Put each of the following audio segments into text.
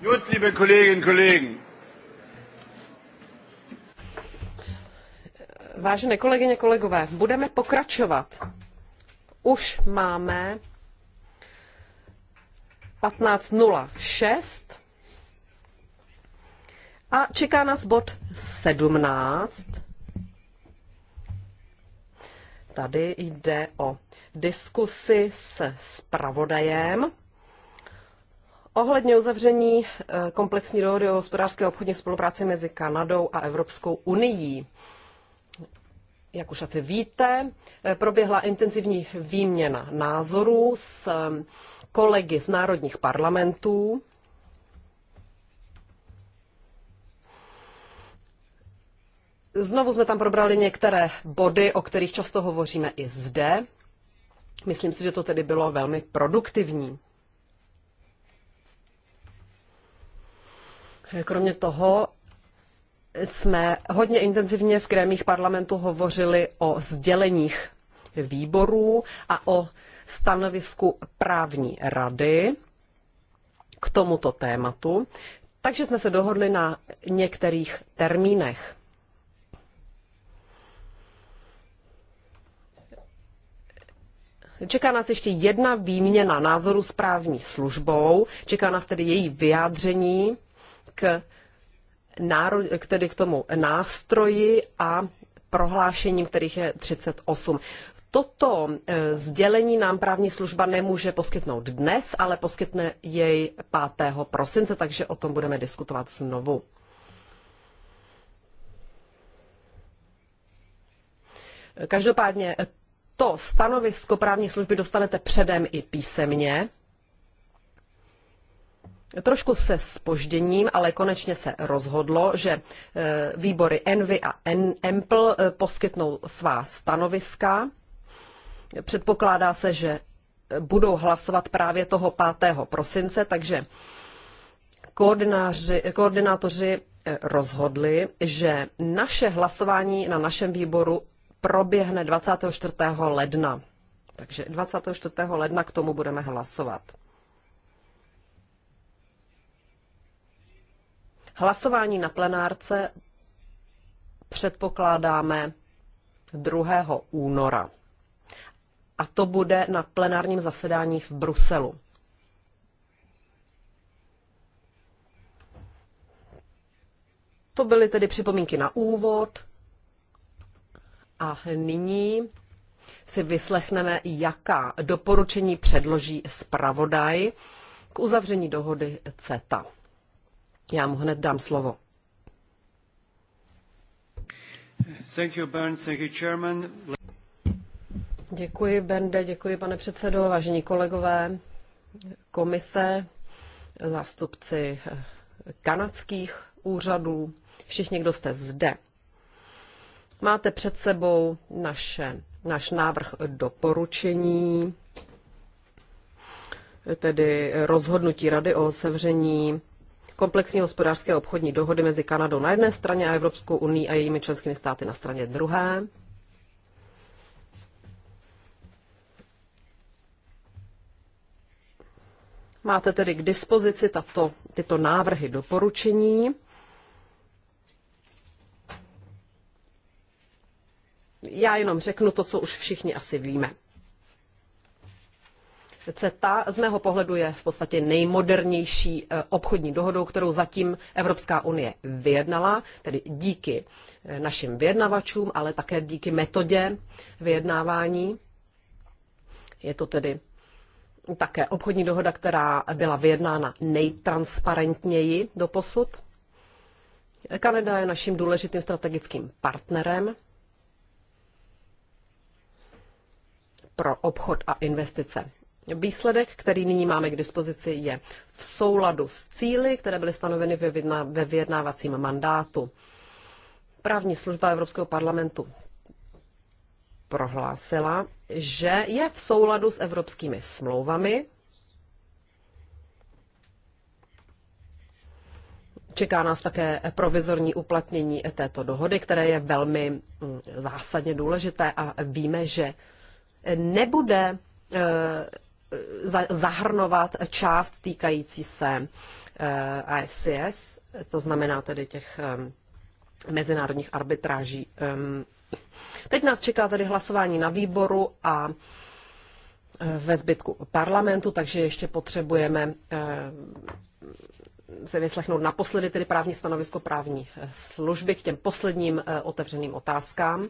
Gut, liebe Kolleginnen Kollegen. Vážené kolegyně, kolegové, budeme pokračovat. Už máme 15.06 a čeká nás bod 17. Tady jde o diskusi s spravodajem Ohledně uzavření eh, komplexní dohody o hospodářské obchodní spolupráci mezi Kanadou a Evropskou unii. Jak už asi víte, eh, proběhla intenzivní výměna názorů s eh, kolegy z národních parlamentů. Znovu jsme tam probrali některé body, o kterých často hovoříme i zde. Myslím si, že to tedy bylo velmi produktivní. Kromě toho jsme hodně intenzivně v krémích parlamentu hovořili o sděleních výborů a o stanovisku právní rady k tomuto tématu, takže jsme se dohodli na některých termínech. Čeká nás ještě jedna výměna názoru s právní službou, čeká nás tedy její vyjádření k, náru, k tedy k tomu nástroji a prohlášením, kterých je 38. Toto e, sdělení nám právní služba nemůže poskytnout dnes, ale poskytne jej 5. prosince, takže o tom budeme diskutovat znovu. Každopádně to stanovisko právní služby dostanete předem i písemně trošku se spožděním, ale konečně se rozhodlo, že eh, výbory Envy a Empl eh, poskytnou svá stanoviska. Předpokládá se, že eh, budou hlasovat právě toho 5. prosince, takže koordinátoři rozhodli, že naše hlasování na našem výboru proběhne 24. ledna. Takže 24. ledna k tomu budeme hlasovat. Hlasování na plenárce předpokládáme 2. února. A to bude na plenárním zasedání v Bruselu. To byly tedy připomínky na úvod. A nyní si vyslechneme, jaká doporučení předloží zpravodaj k uzavření dohody CETA. Já mu hned dám slovo. Thank you, Bernd. Thank you, chairman. Děkuji, Bende, děkuji, pane předsedo, vážení kolegové, komise, zástupci eh, kanadských úřadů, všichni, kdo jste zde. Máte před sebou naše, náš návrh doporučení, tedy rozhodnutí Rady o sevření komplexní hospodářské obchodní dohody mezi Kanadou na jedné straně a Evropskou unii a jejími členskými státy na straně druhé. Máte tedy k dispozici tato, tyto návrhy doporučení. Já jenom řeknu to, co už všichni asi víme. CETA z mého pohledu je v podstatě nejmodernější eh, obchodní dohodou, kterou zatím Evropská unie vyjednala, tedy díky eh, našim vyjednavačům, ale také díky metodě vyjednávání. Je to tedy také obchodní dohoda, která byla vyjednána nejtransparentněji do posud. Kanada je naším důležitým strategickým partnerem pro obchod a investice. Výsledek, který nyní máme k dispozici, je v souladu s cíly, které byly stanoveny ve vyjednávacím mandátu. Právní služba Evropského parlamentu prohlásila, že je v souladu s evropskými smlouvami. Čeká nás také provizorní uplatnění této dohody, které je velmi mm, zásadně důležité a víme, že nebude eh, zahrnovat část týkající se ICS, eh, to znamená tedy těch eh, mezinárodních arbitráží. Ehm, teď nás čeká tedy hlasování na výboru a eh, ve zbytku parlamentu, takže ještě potřebujeme se vyslechnout naposledy tedy právní stanovisko právní služby k těm posledním otevřeným otázkám.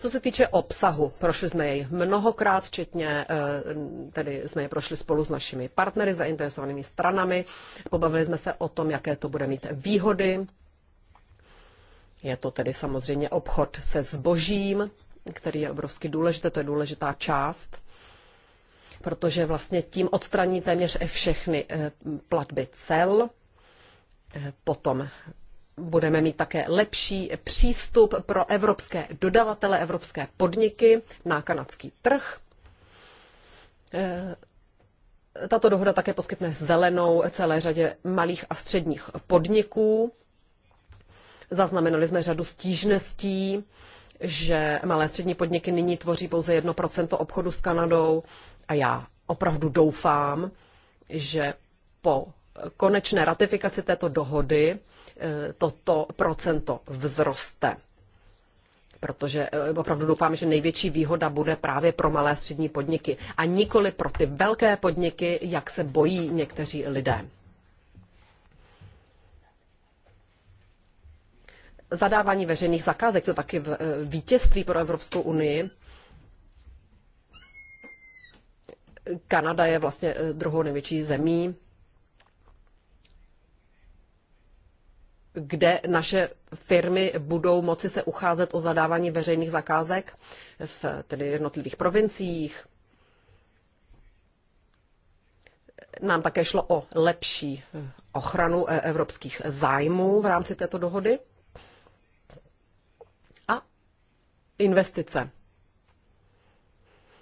Co se týče obsahu, prošli jsme jej mnohokrát, včetně, eh, tedy jsme je prošli spolu s našimi partnery, zainteresovanými stranami, pobavili jsme se o tom, jaké to bude mít výhody. Je to tedy samozřejmě obchod se zbožím, který je obrovsky důležitý, to je důležitá část protože vlastně tím odstraní téměř všechny eh, platby cel, eh, potom budeme mít také lepší přístup pro evropské dodavatele, evropské podniky na kanadský trh. Eh, tato dohoda také poskytne zelenou celé řadě malých a středních podniků. Zaznamenali jsme řadu stížností, že malé střední podniky nyní tvoří pouze 1% obchodu s Kanadou a já opravdu doufám, že po konečné ratifikaci této dohody Eh, toto procento vzroste. Protože eh, opravdu doufám, že největší výhoda bude právě pro malé střední podniky a nikoli pro ty velké podniky, jak se bojí někteří lidé. zadávání veřejných zakázek, to taky eh, vítězství pro Evropskou unii. Kanada je vlastně druhou největší zemí kde naše firmy budou moci se ucházet o zadávání veřejných zakázek v tedy jednotlivých provinciích. Nám také šlo o lepší eh, ochranu eh, evropských zájmů v rámci této dohody a investice.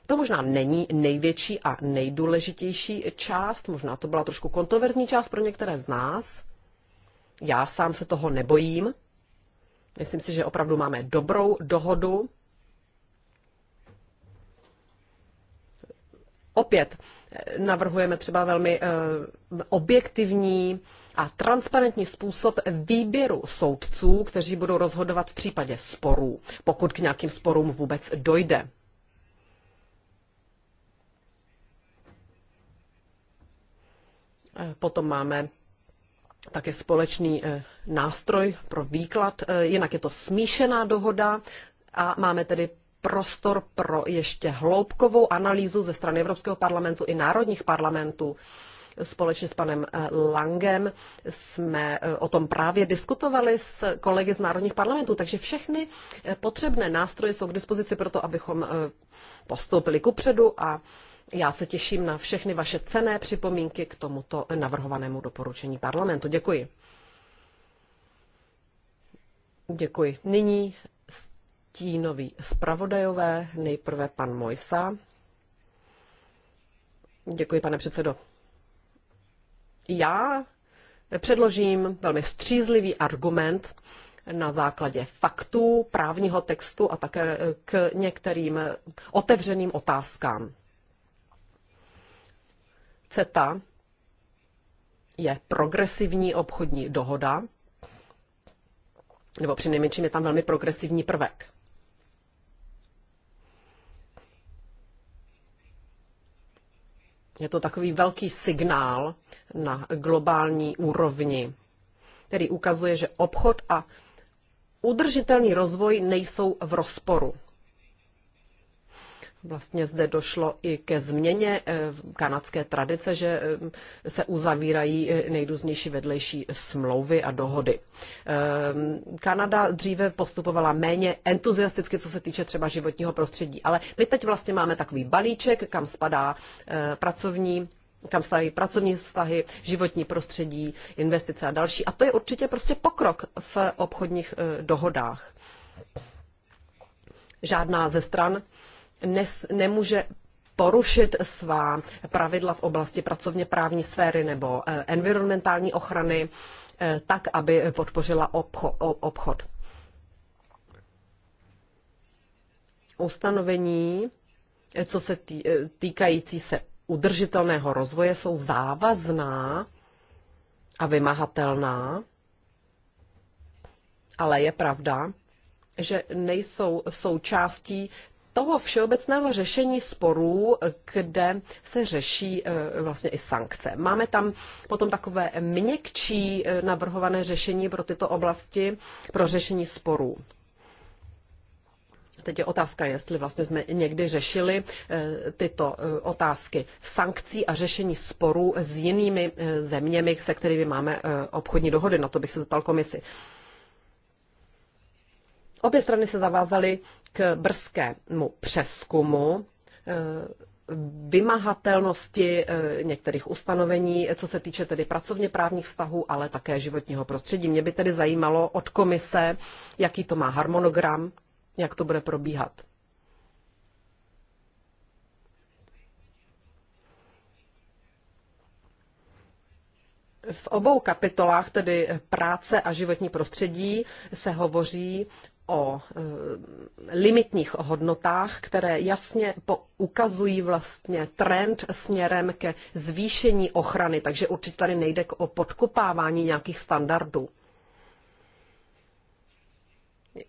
To možná není největší a nejdůležitější část, možná to byla trošku kontroverzní část pro některé z nás, já sám se toho nebojím. Myslím si, že opravdu máme dobrou dohodu. Opět eh, navrhujeme třeba velmi eh, objektivní a transparentní způsob výběru soudců, kteří budou rozhodovat v případě sporů, pokud k nějakým sporům vůbec dojde. Eh, potom máme také společný eh, nástroj pro výklad, eh, jinak je to smíšená dohoda a máme tedy prostor pro ještě hloubkovou analýzu ze strany Evropského parlamentu i národních parlamentů. Společně s panem eh, Langem jsme o tom právě diskutovali s kolegy z národních parlamentů, takže všechny potřebné nástroje jsou k dispozici pro to, abychom postoupili kupředu a já se těším na všechny vaše cené připomínky k tomuto navrhovanému doporučení parlamentu. Děkuji. Děkuji. Nyní stínoví zpravodajové, nejprve pan Mojsa. Děkuji, pane předsedo. Já předložím velmi střízlivý argument na základě faktů, právního textu a také k některým otevřeným otázkám. CETA je progresivní obchodní dohoda, nebo nejmenším je tam velmi progresivní prvek. Je to takový velký signál na globální úrovni, který ukazuje, že obchod a udržitelný rozvoj nejsou v rozporu. Vlastně zde došlo i ke změně eh, kanadské tradice, že eh, se uzavírají eh, nejrůznější vedlejší smlouvy a dohody. Ehm, Kanada dříve postupovala méně entuziasticky, co se týče třeba životního prostředí, ale my teď vlastně máme takový balíček, kam spadá pracovní kam stávají pracovní vztahy, životní prostředí, investice a další. A to je určitě prostě pokrok v obchodních dohodách. Žádná ze stran nes, nemůže porušit svá pravidla v oblasti pracovně právní sféry nebo eh, environmentální ochrany, eh, tak, aby podpořila obchod. Ustanovení, eh, co se týkající se udržitelného rozvoje, jsou závazná a vymahatelná, ale je pravda, že nejsou součástí toho všeobecného řešení sporů, kde se řeší e, vlastně i sankce. Máme tam potom takové měkčí e, navrhované řešení pro tyto oblasti, pro řešení sporů. Teď je otázka, jestli vlastně jsme někdy řešili e, tyto otázky sankcí a řešení sporů s jinými zeměmi, se kterými máme obchodní dohody. Na no to bych se zeptal komisi. Obě strany se zavázaly k brzkému přeskumu eh, vymahatelnosti eh, některých ustanovení, co se týče tedy pracovně právních vztahů, ale také životního prostředí. Mě by tedy zajímalo od komise, jaký to má harmonogram, jak to bude probíhat. V obou kapitolách, tedy práce a životní prostředí, se hovoří o eh, limitních hodnotách, které jasně ukazují vlastně trend směrem ke zvýšení ochrany, takže určitě tady nejde o podkopávání nějakých standardů. Eh,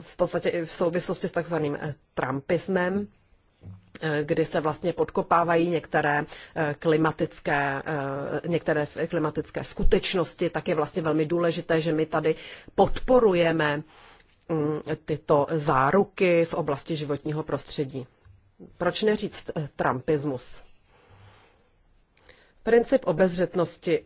v podstatě i v souvislosti s takzvaným eh, Trumpismem, kdy se vlastně podkopávají některé klimatické, některé klimatické skutečnosti, tak je vlastně velmi důležité, že my tady podporujeme Mm, tyto záruky v oblasti životního prostředí. Proč neříct eh, trumpismus? Princip obezřetnosti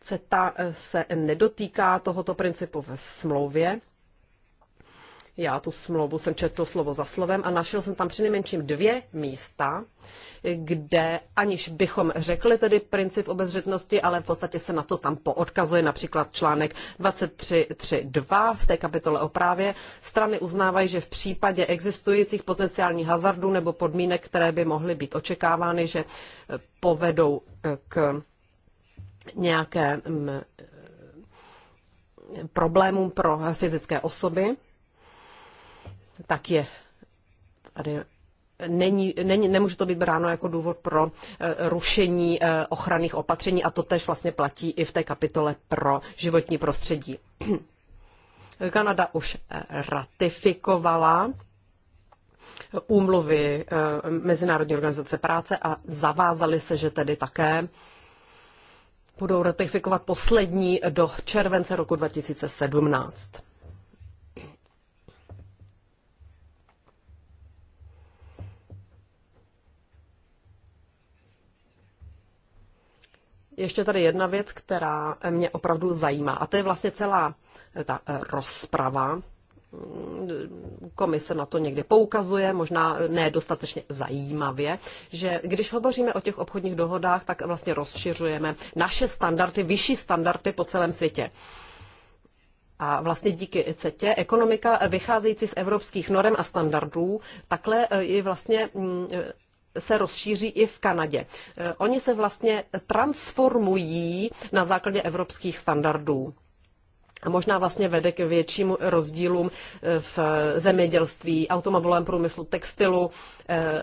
CETA eh, se nedotýká tohoto principu v smlouvě, já tu smlouvu jsem četl slovo za slovem a našel jsem tam přinejmenším dvě místa, kde aniž bychom řekli tedy princip obezřetnosti, ale v podstatě se na to tam poodkazuje například článek 23.3.2 v té kapitole o právě. Strany uznávají, že v případě existujících potenciálních hazardů nebo podmínek, které by mohly být očekávány, že eh, povedou eh, k nějaké mm, eh, problémům pro fyzické osoby, tak je tady není, není, nemůže to být bráno jako důvod pro eh, rušení eh, ochranných opatření a to tež vlastně platí i v té kapitole pro životní prostředí. Kanada už eh, ratifikovala úmluvy Mezinárodní organizace práce a zavázali se, že tedy také budou ratifikovat poslední do července roku 2017. ještě tady jedna věc, která mě opravdu zajímá, a to je vlastně celá eh, ta eh, rozprava. Mm, komise na to někdy poukazuje, možná eh, nedostatečně zajímavě, že když hovoříme o těch obchodních dohodách, tak vlastně rozšiřujeme naše standardy, vyšší standardy po celém světě. A vlastně díky CETě ekonomika vycházející z evropských norem a standardů takhle je vlastně mm, se rozšíří i v Kanadě. Eh, oni se vlastně transformují na základě evropských standardů. A možná vlastně vede k větším rozdílům eh, v zemědělství, automobilovém průmyslu, textilu eh,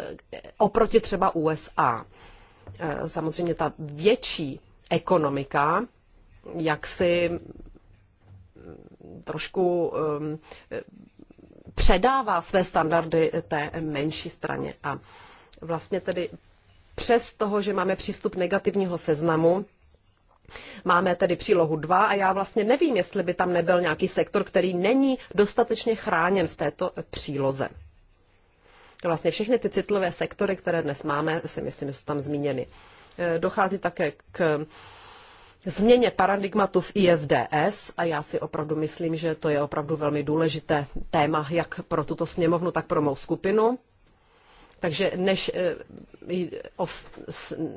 oproti třeba USA. Samozřejmě ta větší ekonomika, jak si mm, trošku mm, předává své standardy té menší straně. A vlastně tedy přes toho, že máme přístup negativního seznamu, Máme tedy přílohu 2 a já vlastně nevím, jestli by tam nebyl nějaký sektor, který není dostatečně chráněn v této příloze. Vlastně všechny ty citlivé sektory, které dnes máme, si myslím, jsou tam zmíněny. Eh, dochází také k změně paradigmatu v ISDS a já si opravdu myslím, že to je opravdu velmi důležité téma jak pro tuto sněmovnu, tak pro mou skupinu. Takže než eh, o,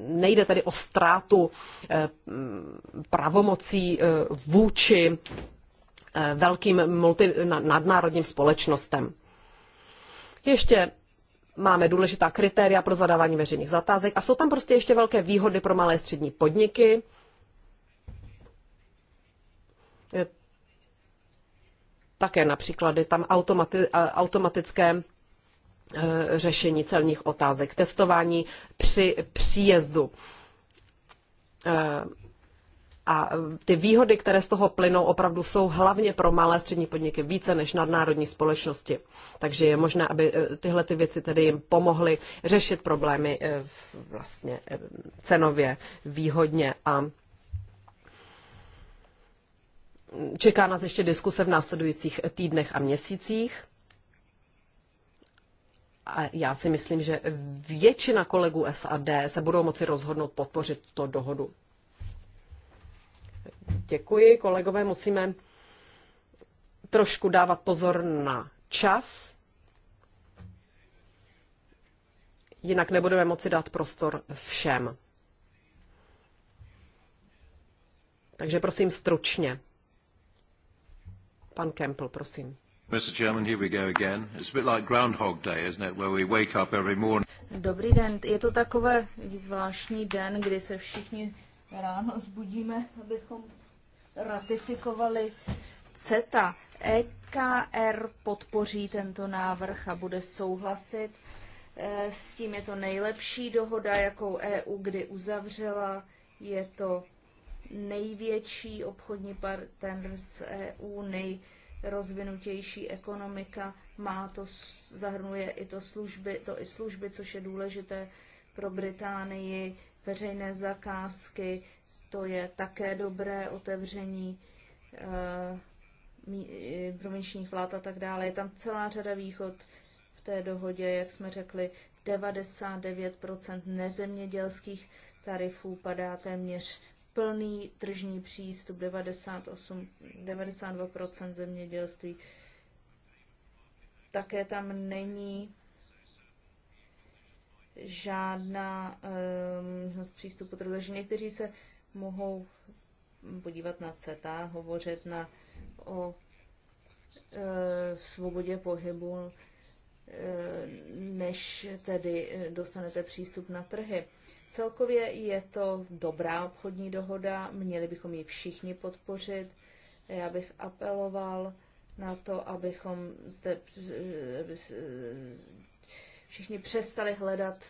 nejde tady o ztrátu eh, pravomocí eh, vůči velkým multi, nadnárodním společnostem. Ještě máme důležitá kritéria pro zadávání veřejných zatázek a jsou tam prostě ještě velké výhody pro malé střední podniky. Také například je tam automati, automatické Eh, řešení celních otázek, testování při příjezdu. Eh, a ty výhody, které z toho plynou, opravdu jsou hlavně pro malé střední podniky více než nadnárodní společnosti. Takže je možné, aby eh, tyhle ty věci tedy jim pomohly řešit problémy vlastně cenově výhodně a Čeká nás ještě diskuse v následujících týdnech a měsících. A já si myslím, že většina kolegů SAD se budou moci rozhodnout podpořit to dohodu. Děkuji, kolegové, musíme trošku dávat pozor na čas, jinak nebudeme moci dát prostor všem. Takže prosím stručně. Pan Kempl, prosím. Mr. Chairman, here we go again. It's a bit like Groundhog Day, isn't it, where we wake up every morning. Dobrý den, je to takové zvláštní den, kdy se všichni ráno zbudíme, abychom ratifikovali CETA. EKR podpoří tento návrh a bude souhlasit. E, s tím je to nejlepší dohoda, jakou EU kdy uzavřela. Je to největší obchodní partner z EU, nej, rozvinutější ekonomika, má to, zahrnuje i to služby, to i služby, což je důležité pro Británii, veřejné zakázky, to je také dobré otevření e, provinčních vlád a tak dále. Je tam celá řada východ v té dohodě, jak jsme řekli, 99% nezemědělských tarifů padá téměř plný tržní přístup, 98, 92% zemědělství. Také tam není žádná eh, možnost um, přístupu trhu. Takže někteří se mohou podívat na CETA, hovořit na, o e, svobodě pohybu, e, než tedy dostanete přístup na trhy. E, Celkově je to dobrá obchodní dohoda, měli bychom ji všichni podpořit. Já bych apeloval na to, abychom zde všichni přestali hledat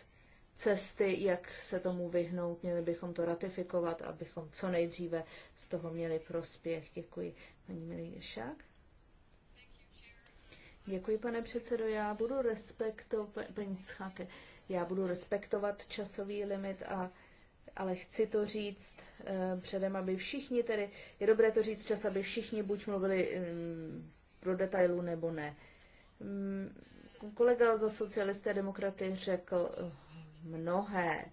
cesty, jak se tomu vyhnout. Měli bychom to ratifikovat, abychom co nejdříve z toho měli prospěch. Děkuji, paní Milišák. Děkuji, pane předsedo. Já budu respektovat, paní Schake, já budu respektovat časový limit, a, ale chci to říct eh, předem, aby všichni tedy, je dobré to říct čas, aby všichni buď mluvili hm, mm, pro detailu nebo ne. Hm, kolega za socialisté demokraty řekl eh, mnohé.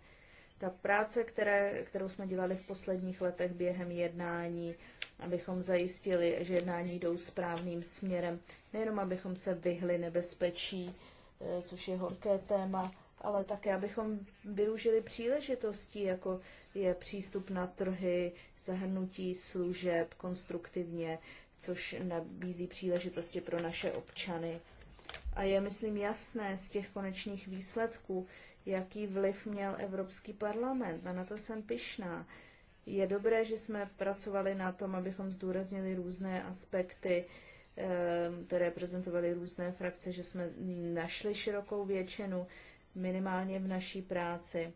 Ta práce, které, kterou jsme dělali v posledních letech během jednání, abychom zajistili, že jednání jdou správným směrem, nejenom abychom se vyhli nebezpečí, eh, což je horké téma, ale také, abychom využili příležitosti, jako je přístup na trhy, zahrnutí služeb konstruktivně, což nabízí příležitosti pro naše občany. A je, myslím, jasné z těch konečných výsledků, jaký vliv měl Evropský parlament. A na to jsem pyšná. Je dobré, že jsme pracovali na tom, abychom zdůraznili různé aspekty, eh, které prezentovaly různé frakce, že jsme našli širokou většinu, minimálně v naší práci,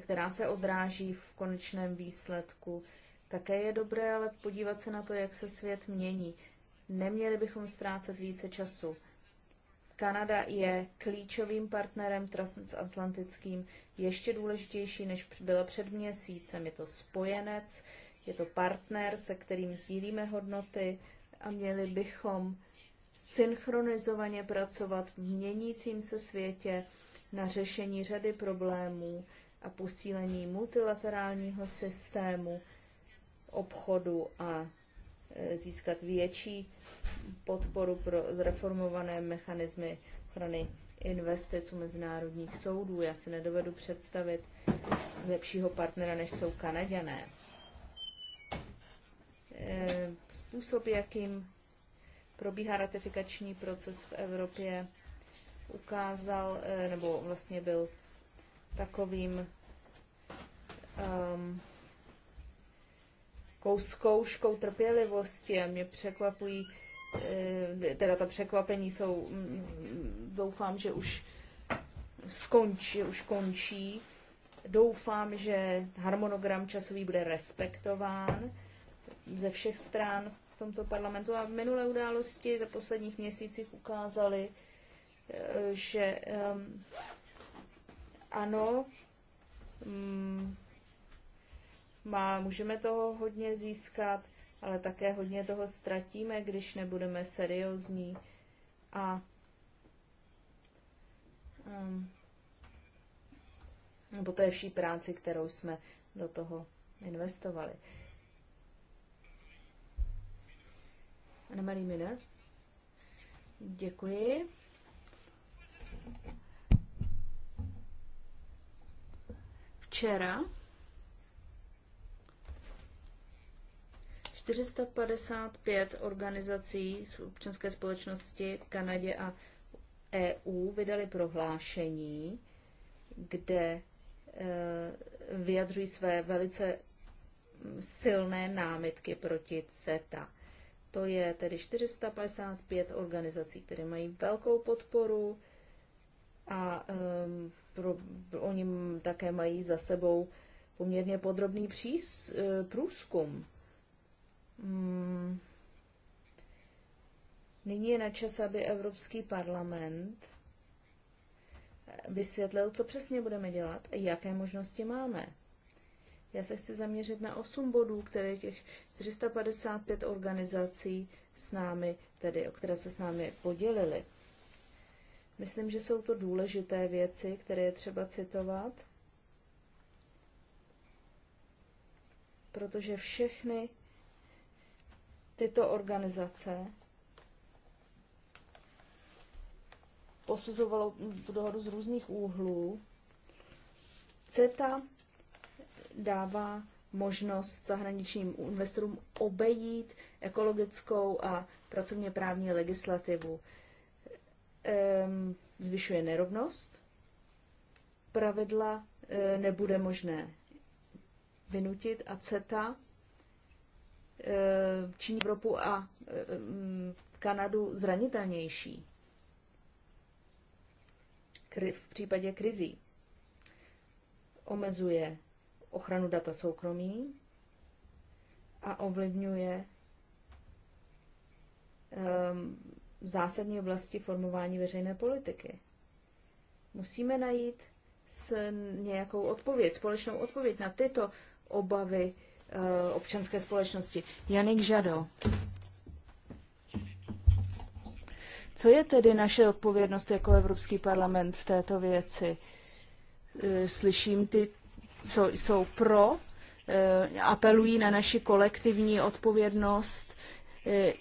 která se odráží v konečném výsledku. Také je dobré ale podívat se na to, jak se svět mění. Neměli bychom ztrácet více času. Kanada je klíčovým partnerem transatlantickým, ještě důležitější, než byla před měsícem. Je to spojenec, je to partner, se kterým sdílíme hodnoty a měli bychom synchronizovaně pracovat v měnícím se světě na řešení řady problémů a posílení multilaterálního systému obchodu a e, získat větší podporu pro reformované mechanismy ochrany investic u mezinárodních soudů. Já si nedovedu představit lepšího partnera, než jsou Kanaděné. E, způsob, jakým probíhá ratifikační proces v Evropě, ukázal, eh, nebo vlastně byl takovým um, kouskouškou trpělivosti a mě překvapují, eh, teda ta překvapení jsou, mm, mm, doufám, že už skončí, už končí. Doufám, že harmonogram časový bude respektován ze všech stran v tomto parlamentu a minulé události za posledních měsících ukázaly, eh, že um, ano, um, má, můžeme toho hodně získat, ale také hodně toho ztratíme, když nebudeme seriózní. A um, nebo té vší práci, kterou jsme do toho investovali. Ano, marie Miner. Děkuji. Včera 455 organizací z občanské společnosti v Kanadě a EU vydali prohlášení, kde eh, vyjadřují své velice silné námitky proti CETA. To je tedy 455 organizací, které mají velkou podporu a um, pro, oni také mají za sebou poměrně podrobný přís, e, průzkum. Hmm. Nyní je na čas, aby Evropský parlament vysvětlil, co přesně budeme dělat a jaké možnosti máme. Já se chci zaměřit na osm bodů, které těch 455 organizací s námi, tedy o které se s námi podělili. Myslím, že jsou to důležité věci, které je třeba citovat, protože všechny tyto organizace posuzovalo tu dohodu z různých úhlů. CETA dává možnost zahraničním investorům obejít ekologickou a pracovně právní legislativu. Ehm, zvyšuje nerovnost, pravidla eh, nebude možné vynutit a CETA eh, činí Evropu a eh, mm, Kanadu zranitelnější v případě krizí. Omezuje ochranu data soukromí a ovlivňuje um, zásadní oblasti formování veřejné politiky. Musíme najít s nějakou odpověď, společnou odpověď na tyto obavy uh, občanské společnosti. Janik Žado. Co je tedy naše odpovědnost jako Evropský parlament v této věci? Eh, slyším ty co jsou pro, eh, apelují na naši kolektivní odpovědnost, eh,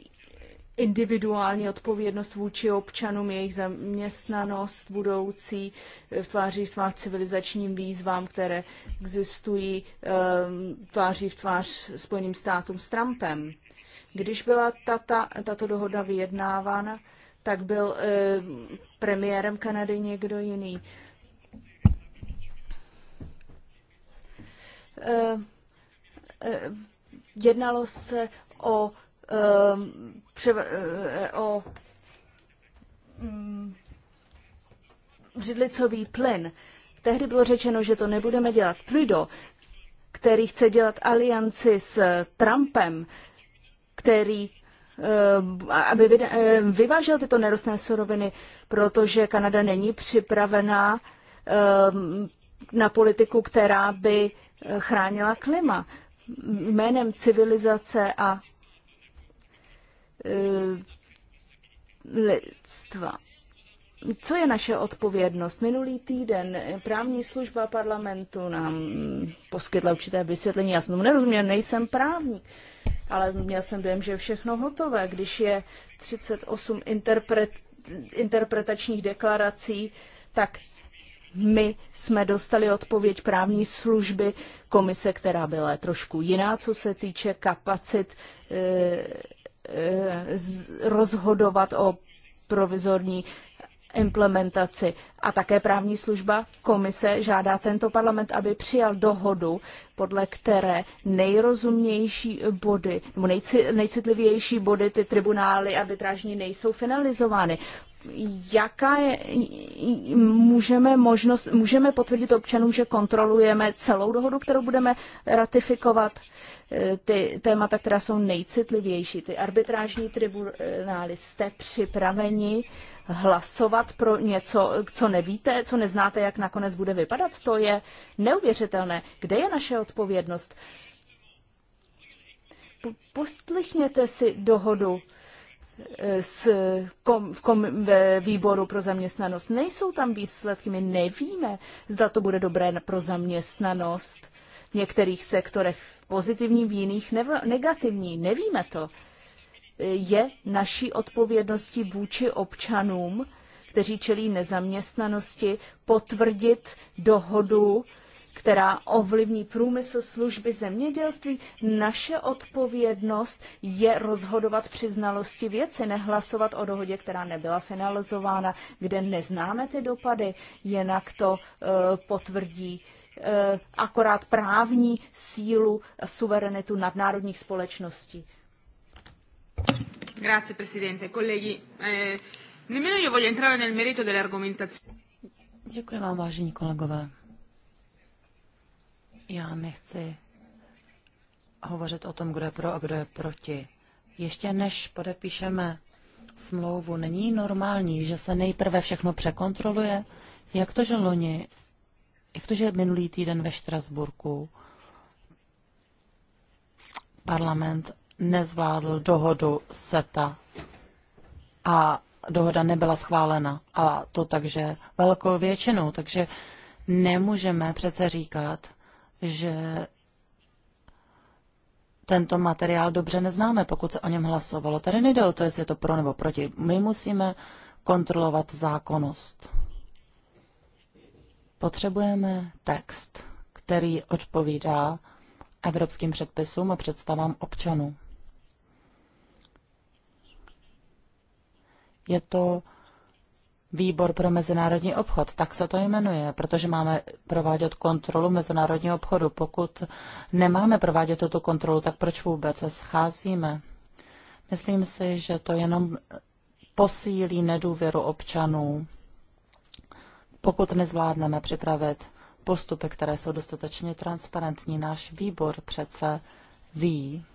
individuální odpovědnost vůči občanům, jejich zaměstnanost budoucí, eh, tváří v tvář civilizačním výzvám, které existují, tváří v tvář Spojeným státům s Trumpem. Když byla tata, tato dohoda vyjednávána, tak byl premiérem Kanady někdo jiný. Eh, eh, jednalo se o, eh, o mm, břidlicový plyn. Tehdy bylo řečeno, že to nebudeme dělat. Trudeau, který chce dělat alianci s Trumpem, který aby vyvážel tyto nerostné suroviny, protože Kanada není připravená na politiku, která by chránila klima jménem civilizace a e, lidstva. Co je naše odpovědnost? Minulý týden právní služba parlamentu nám poskytla určité vysvětlení. Já jsem nerozuměl, nejsem právník, ale měl jsem dojem, že je všechno hotové. Když je 38 interpret, interpretačních deklarací, tak my jsme dostali odpověď právní služby komise, která byla trošku jiná, co se týče kapacit eh, eh, rozhodovat o provizorní implementaci. A také právní služba komise žádá tento parlament, aby přijal dohodu, podle které nejrozumnější body, nebo nejci, nejcitlivější body, ty tribunály arbitrážní nejsou finalizovány jaká je, můžeme, možnost, můžeme potvrdit občanům, že kontrolujeme celou dohodu, kterou budeme ratifikovat, e, ty témata, která jsou nejcitlivější, ty arbitrážní tribunály, jste připraveni hlasovat pro něco, co nevíte, co neznáte, jak nakonec bude vypadat? To je neuvěřitelné. Kde je naše odpovědnost? Poslychněte si dohodu s kom, kom, ve výboru pro zaměstnanost. Nejsou tam výsledky, my nevíme, zda to bude dobré pro zaměstnanost v některých sektorech pozitivní, v jiných nev, negativní. Nevíme to. Je naší odpovědností vůči občanům, kteří čelí nezaměstnanosti, potvrdit dohodu která ovlivní průmysl, služby, zemědělství. Naše odpovědnost je rozhodovat při znalosti věci, nehlasovat o dohodě, která nebyla finalizována, kde neznáme ty dopady, jinak to e, potvrdí e, akorát právní sílu a suverenitu nadnárodních společností. Grazie Presidente. Colleghi, eh, nemmeno io voglio entrare nel merito delle argomentazioni. Děkuji vám, vážení kolegové. Já nechci hovořit o tom, kdo je pro a kdo je proti. Ještě než podepíšeme smlouvu, není normální, že se nejprve všechno překontroluje? Jak to, že loni, jak to, že minulý týden ve Štrasburku parlament nezvládl dohodu SETA a dohoda nebyla schválena. A to takže velkou většinou. Takže nemůžeme přece říkat, že tento materiál dobře neznáme, pokud se o něm hlasovalo. Tady nejde o to, jestli je to pro nebo proti. My musíme kontrolovat zákonnost. Potřebujeme text, který odpovídá evropským předpisům a představám občanů. Je to Výbor pro mezinárodní obchod, tak se to jmenuje, protože máme provádět kontrolu mezinárodního obchodu. Pokud nemáme provádět tuto kontrolu, tak proč vůbec se scházíme? Myslím si, že to jenom posílí nedůvěru občanů, pokud nezvládneme připravit postupy, které jsou dostatečně transparentní. Náš výbor přece ví,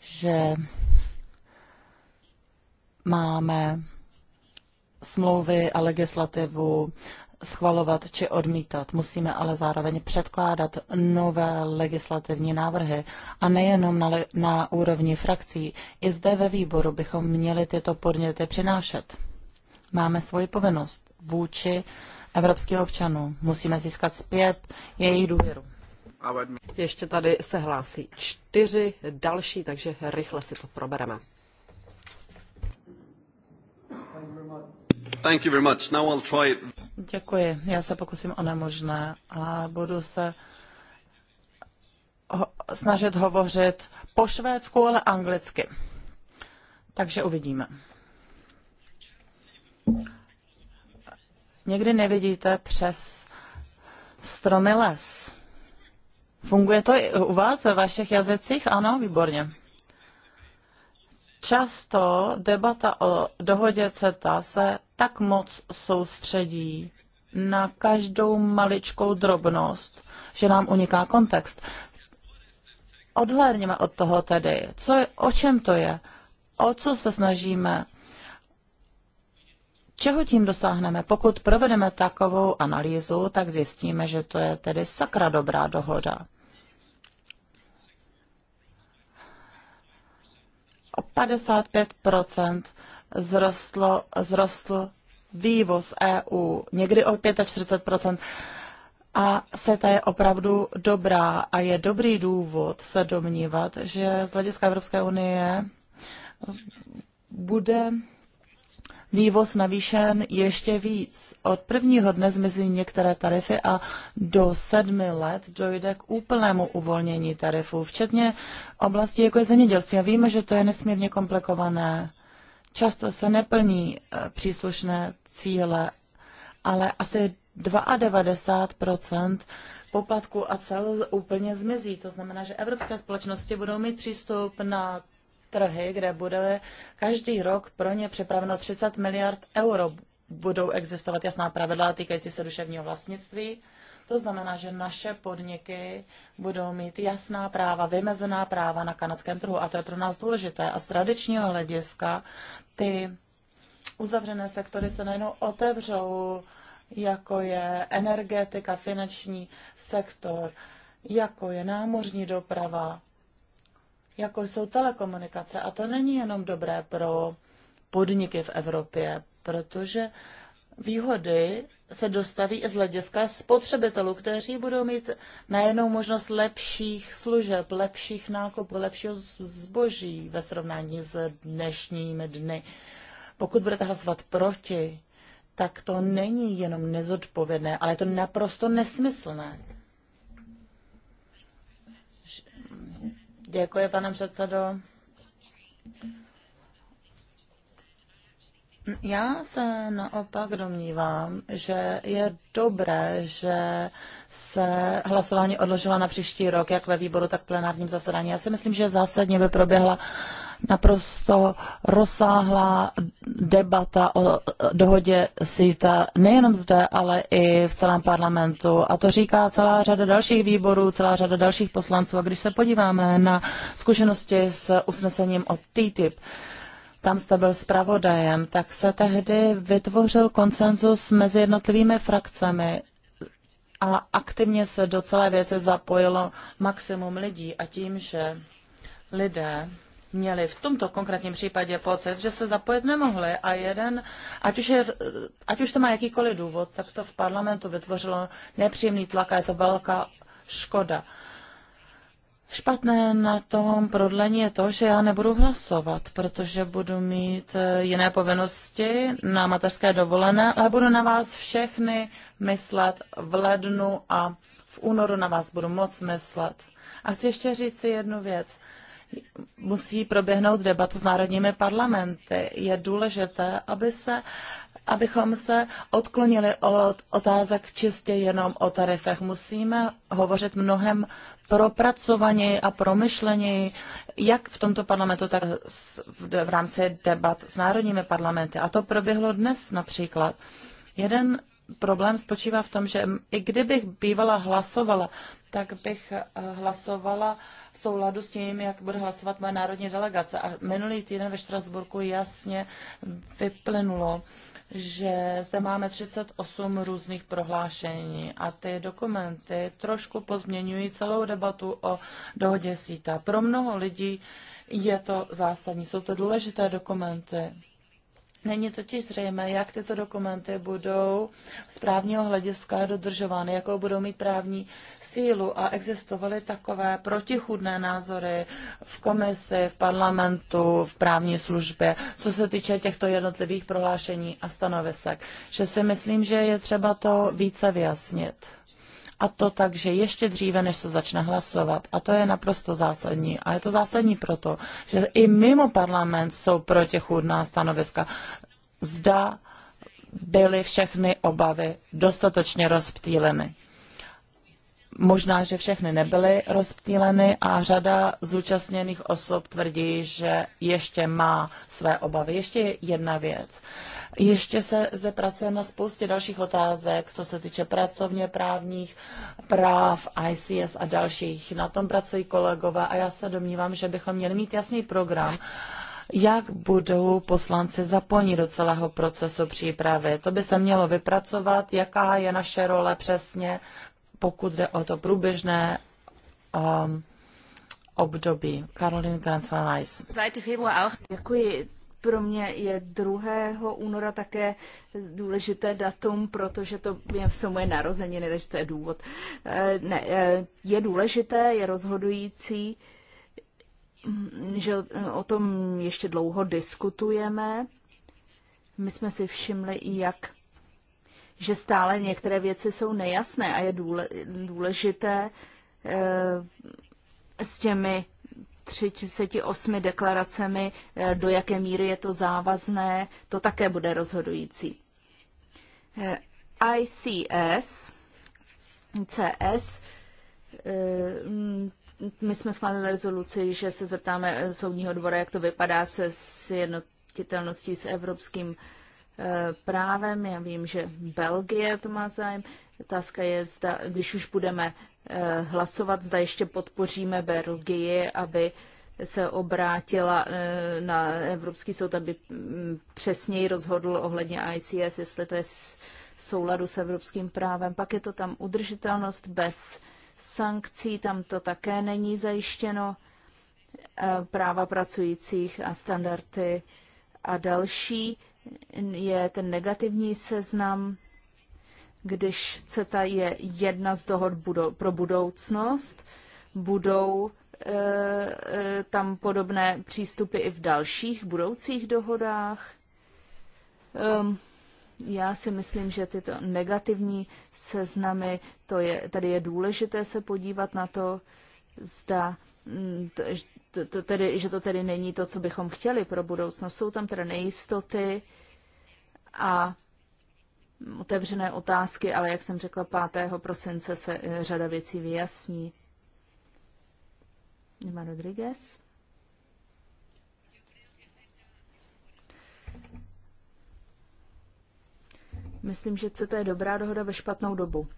že máme smlouvy a legislativu schvalovat či odmítat. Musíme ale zároveň předkládat nové legislativní návrhy a nejenom na, le- na úrovni frakcí. I zde ve výboru bychom měli tyto podněty přinášet. Máme svoji povinnost vůči evropským občanům. Musíme získat zpět jejich důvěru. Ještě tady se hlásí čtyři další, takže rychle si to probereme. Děkuji. Já se pokusím o nemožné a budu se ho- snažit hovořit po švédsku, ale anglicky. Takže uvidíme. Někdy nevidíte přes stromy les. Funguje to i u vás ve vašich jazycích? Ano, výborně. Často debata o dohodě CETA se tak moc soustředí na každou maličkou drobnost, že nám uniká kontext. Odhlédněme od toho tedy, co je, o čem to je, o co se snažíme, čeho tím dosáhneme. Pokud provedeme takovou analýzu, tak zjistíme, že to je tedy sakra dobrá dohoda. O 55 zrostlo, zrostl vývoz EU někdy o 45 a SETA je opravdu dobrá a je dobrý důvod se domnívat, že z hlediska Evropské unie bude vývoz navýšen ještě víc. Od prvního dne zmizí některé tarify a do sedmi let dojde k úplnému uvolnění tarifů, včetně oblasti jako je zemědělství. A víme, že to je nesmírně komplikované Často se neplní eh, příslušné cíle, ale asi 92% poplatku a cel úplně zmizí. To znamená, že evropské společnosti budou mít přístup na trhy, kde bude každý rok pro ně připraveno 30 miliard euro. Budou existovat jasná pravidla týkající se duševního vlastnictví to znamená, že naše podniky budou mít jasná práva, vymezená práva na kanadském trhu a to je pro nás důležité. A z tradičního hlediska ty uzavřené sektory se najednou otevřou, jako je energetika, finanční sektor, jako je námořní doprava, jako jsou telekomunikace. A to není jenom dobré pro podniky v Evropě, protože výhody se dostaví i z hlediska spotřebitelů, kteří budou mít najednou možnost lepších služeb, lepších nákupů, lepšího zboží ve srovnání s dnešními dny. Pokud budete hlasovat proti, tak to není jenom nezodpovědné, ale je to naprosto nesmyslné. Děkuji, pane předsedo. Já se naopak domnívám, že je dobré, že se hlasování odložilo na příští rok, jak ve výboru, tak v plenárním zasedání. Já si myslím, že zásadně by proběhla naprosto rozsáhlá debata o dohodě síta nejenom zde, ale i v celém parlamentu. A to říká celá řada dalších výborů, celá řada dalších poslanců. A když se podíváme na zkušenosti s usnesením o TTIP, tam jste byl zpravodajem, tak se tehdy vytvořil konsenzus mezi jednotlivými frakcemi a aktivně se do celé věci zapojilo maximum lidí a tím, že lidé měli v tomto konkrétním případě pocit, že se zapojit nemohli a jeden, ať už, je, ať už to má jakýkoliv důvod, tak to v parlamentu vytvořilo nepříjemný tlak a je to velká škoda. Špatné na tom prodlení je to, že já nebudu hlasovat, protože budu mít eh, jiné povinnosti na mateřské dovolené, ale budu na vás všechny myslet v lednu a v únoru na vás budu moc myslet. A chci ještě říct si jednu věc. Musí proběhnout debata s národními parlamenty. Je důležité, aby se abychom se odklonili od otázek čistě jenom o tarifech. Musíme hovořit mnohem propracovaněji a promyšleněji, jak v tomto parlamentu, tak v rámci debat s národními parlamenty. A to proběhlo dnes například. Jeden problém spočívá v tom, že i kdybych bývala hlasovala, tak bych eh, hlasovala v souladu s tím, jak bude hlasovat moje národní delegace. A minulý týden ve Štrasburku jasně vyplynulo, že zde máme 38 různých prohlášení a ty dokumenty trošku pozměňují celou debatu o dohodě síta. Pro mnoho lidí je to zásadní, jsou to důležité dokumenty. Není totiž zřejmé, jak tyto dokumenty budou z právního hlediska dodržovány, jakou budou mít právní sílu a existovaly takové protichudné názory v komisi, v parlamentu, v právní službě, co se týče těchto jednotlivých prohlášení a stanovisek, že si myslím, že je třeba to více vyjasnit. A to tak, že ještě dříve, než se začne hlasovat. A to je naprosto zásadní. A je to zásadní proto, že i mimo parlament jsou protichůdná stanoviska. Zda byly všechny obavy dostatečně rozptýleny. Možná, že všechny nebyly rozptýleny a řada zúčastněných osob tvrdí, že ještě má své obavy. Ještě jedna věc. Ještě se zde pracuje na spoustě dalších otázek, co se týče pracovně právních práv, ICS a dalších. Na tom pracují kolegové a já se domnívám, že bychom měli mít jasný program, jak budou poslanci zapojeni do celého procesu přípravy. To by se mělo vypracovat, jaká je naše role přesně pokud jde o to průběžné um, období. Karolín Transvanajs. Děkuji. Pro mě je 2. února také důležité datum, protože to je v moje narozeniny, takže to je důvod. Eh, ne, eh, je důležité, je rozhodující, že o tom ještě dlouho diskutujeme. My jsme si všimli, jak že stále některé věci jsou nejasné a je důležité eh, s těmi 38 deklaracemi, eh, do jaké míry je to závazné, to také bude rozhodující. Eh, ICS, CS, my jsme schválili rezoluci, že se zeptáme soudního dvora, jak to vypadá se sjednotitelností s Evropským Eh, právem. Já vím, že Belgie to má zájem. Otázka je, zda, když už budeme eh, hlasovat, zda ještě podpoříme Belgii, aby se obrátila eh, na Evropský soud, aby mm, přesněji rozhodl ohledně ICS, jestli to je souladu s evropským právem. Pak je to tam udržitelnost bez sankcí, tam to také není zajištěno, práva pracujících a standardy a další je ten negativní seznam, když CETA je jedna z dohod budou, pro budoucnost, budou e, e, tam podobné přístupy i v dalších budoucích dohodách. E, já si myslím, že tyto negativní seznamy, to je, tady je důležité se podívat na to, zda mm, to, to tedy, že to tedy není to, co bychom chtěli pro budoucnost. Jsou tam tedy nejistoty a otevřené otázky, ale jak jsem řekla, 5. prosince se eh, řada věcí vyjasní. Nima Rodriguez. Myslím, že to je dobrá dohoda ve špatnou dobu.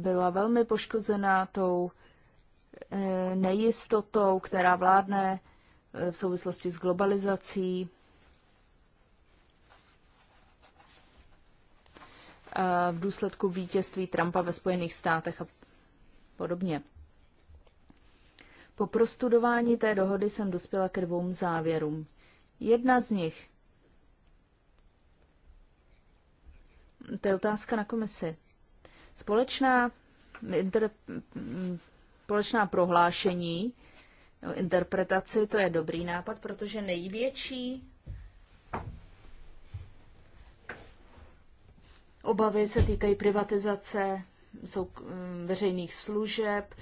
byla velmi poškozená tou eh, nejistotou, která vládne eh, v souvislosti s globalizací. v důsledku vítězství Trumpa ve Spojených státech a podobně. Po prostudování té dohody jsem dospěla ke dvou závěrům. Jedna z nich, to je otázka na komisi. Společná, inter, mm, společná prohlášení, interpretaci, to je dobrý nápad, protože největší obavy se týkají privatizace jsou mm, veřejných služeb,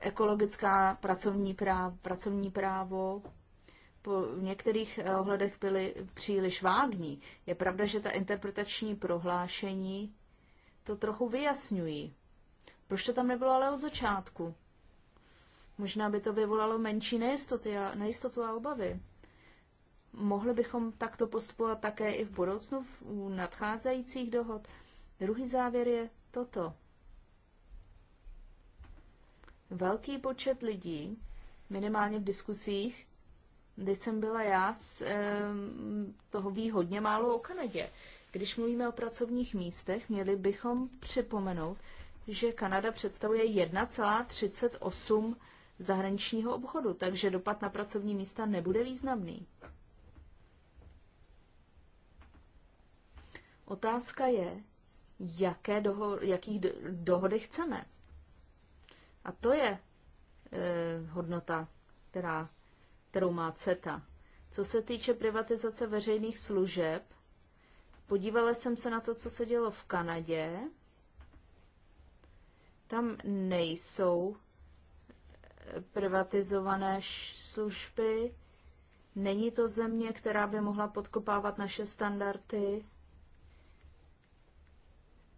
ekologická pracovní, práv, pracovní právo. Po, v některých eh, ohledech byly příliš vágní. Je pravda, že ta interpretační prohlášení to trochu vyjasňují. Proč to tam nebylo ale od začátku? Možná by to vyvolalo menší nejistoty a, nejistotu a obavy. Mohli bychom takto postupovat také i v budoucnu u nadcházejících dohod. Druhý závěr je toto. Velký počet lidí, minimálně v diskusích, kdy jsem byla já, z, eh, toho ví hodně málo o Kanadě. Když mluvíme o pracovních místech, měli bychom připomenout, že Kanada představuje 1,38 zahraničního obchodu, takže dopad na pracovní místa nebude významný. Otázka je, jaké doho- do- dohody chceme. A to je eh, hodnota, která, kterou má CETA. Co se týče privatizace veřejných služeb, Podívala jsem se na to, co se dělo v Kanadě. Tam nejsou privatizované služby. Není to země, která by mohla podkopávat naše standardy.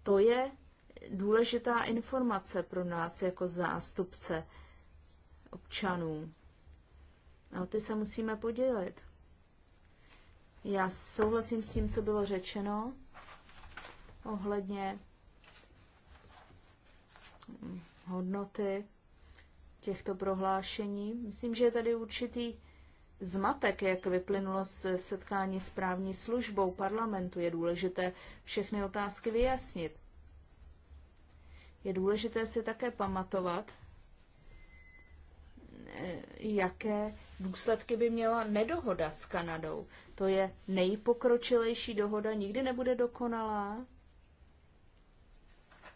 To je důležitá informace pro nás jako zástupce občanů. A o ty se musíme podělit. Já souhlasím s tím, co bylo řečeno ohledně hodnoty těchto prohlášení. Myslím, že je tady určitý zmatek, jak vyplynulo z setkání s právní službou parlamentu. Je důležité všechny otázky vyjasnit. Je důležité si také pamatovat, Eh, jaké důsledky by měla nedohoda s Kanadou. To je nejpokročilejší dohoda, nikdy nebude dokonalá.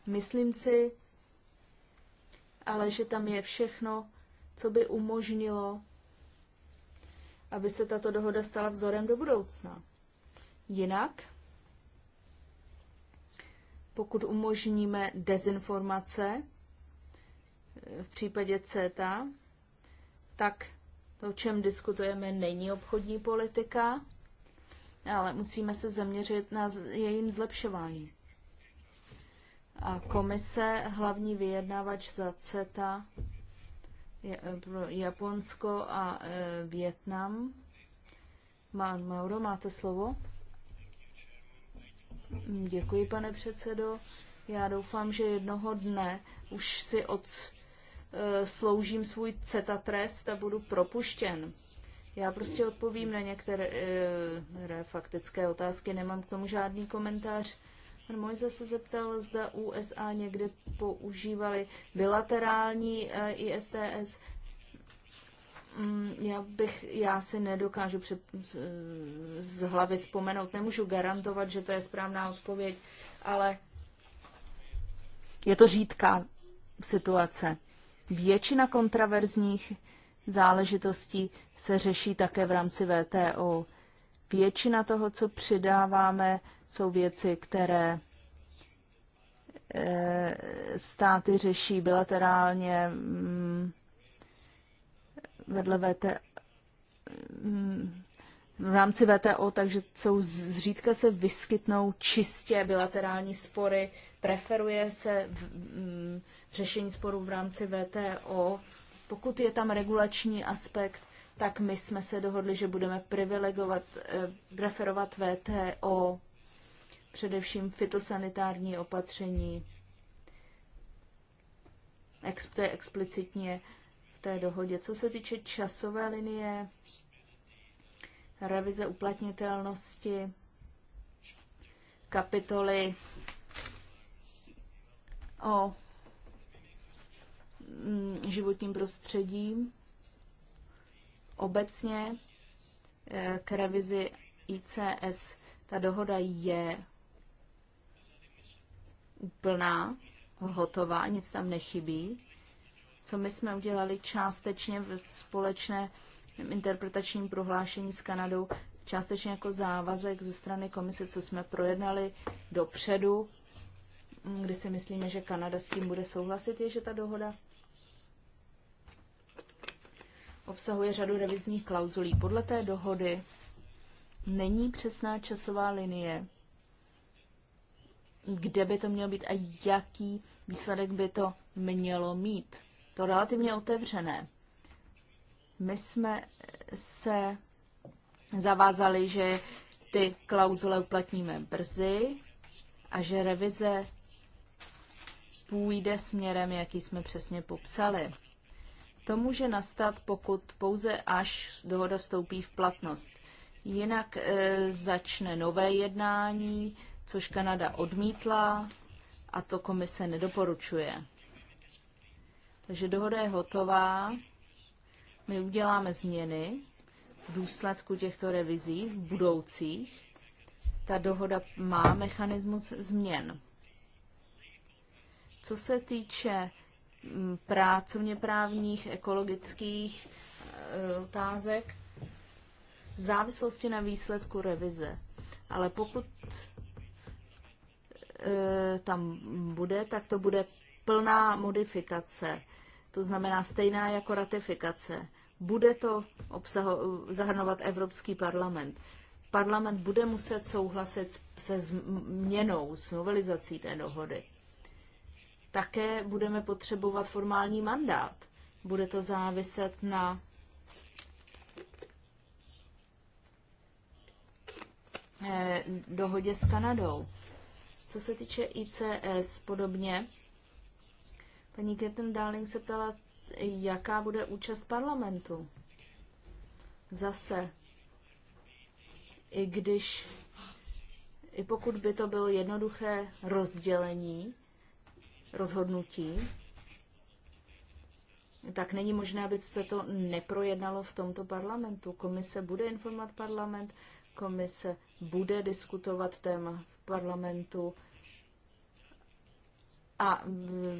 Myslím si, ale že tam je všechno, co by umožnilo, aby se tato dohoda stala vzorem do budoucna. Jinak, pokud umožníme dezinformace eh, v případě CETA, tak to, o čem diskutujeme, není obchodní politika, ale musíme se zaměřit na jejím zlepšování. A komise, hlavní vyjednavač za CETA eh, Japonsko a eh, Větnam. Má, Mauro, máte slovo? Děkuji, pane předsedo. Já doufám, že jednoho dne už si od Eh, sloužím svůj CETA trest a budu propuštěn. Já prostě odpovím na některé e, faktické otázky, nemám k tomu žádný komentář. Pan Mojza se zeptal, zda USA někde používali bilaterální e, eh, ISTS. Mm, já, bych, já si nedokážu před, z, z hlavy vzpomenout, nemůžu garantovat, že to je správná odpověď, ale je to řídká situace. Většina kontraverzních záležitostí se řeší také v rámci VTO. Většina toho, co přidáváme, jsou věci, které eh, státy řeší bilaterálně mm, vedle VTO, mm, v rámci VTO, takže jsou zřídka se vyskytnou čistě bilaterální spory preferuje se v, m, mm, řešení sporů v rámci VTO. Pokud je tam regulační aspekt, tak my jsme se dohodli, že budeme privilegovat, preferovat eh, VTO, především fitosanitární opatření. Ex, to je explicitně v té dohodě. Co se týče časové linie, revize uplatnitelnosti, kapitoly o mm, životním prostředí obecně eh, k revizi ICS. Ta dohoda je úplná, hotová, nic tam nechybí. Co my jsme udělali částečně v společné interpretačním prohlášení s Kanadou, částečně jako závazek ze strany komise, co jsme projednali dopředu kdy si myslíme, že Kanada s tím bude souhlasit, je, že ta dohoda obsahuje řadu revizních klauzulí. Podle té dohody není přesná časová linie, kde by to mělo být a jaký výsledek by to mělo mít. To relativně otevřené. My jsme se zavázali, že ty klauzule uplatníme brzy a že revize půjde směrem, jaký jsme přesně popsali. To může nastat, pokud pouze až dohoda vstoupí v platnost. Jinak e, začne nové jednání, což Kanada odmítla a to komise nedoporučuje. Takže dohoda je hotová, my uděláme změny v důsledku těchto revizí v budoucích. Ta dohoda má mechanismus změn. Co se týče mm, pracovně právních, ekologických eh, otázek, v závislosti na výsledku revize. Ale pokud eh, tam bude, tak to bude plná modifikace, to znamená stejná jako ratifikace. Bude to obsaho, zahrnovat Evropský parlament. Parlament bude muset souhlasit se změnou, s novelizací té dohody také budeme potřebovat formální mandát. Bude to záviset na eh, dohodě s Kanadou. Co se týče ICS podobně, paní Kirsten Darling se ptala, jaká bude účast parlamentu. Zase, i když, i pokud by to bylo jednoduché rozdělení, rozhodnutí, tak není možné, aby se to neprojednalo v tomto parlamentu. Komise bude informovat parlament, komise bude diskutovat téma v parlamentu a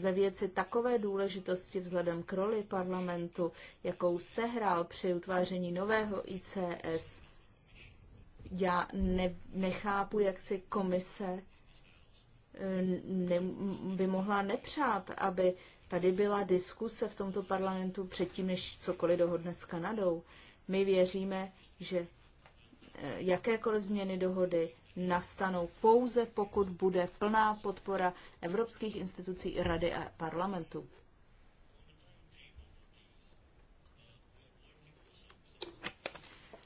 ve věci takové důležitosti vzhledem k roli parlamentu, jakou sehrál při utváření nového ICS, já ne, nechápu, jak si komise ne, by mohla nepřát, aby tady byla diskuse v tomto parlamentu předtím, než cokoliv dohodne s Kanadou. My věříme, že eh, jakékoliv změny dohody nastanou pouze, pokud bude plná podpora evropských institucí, rady a parlamentu.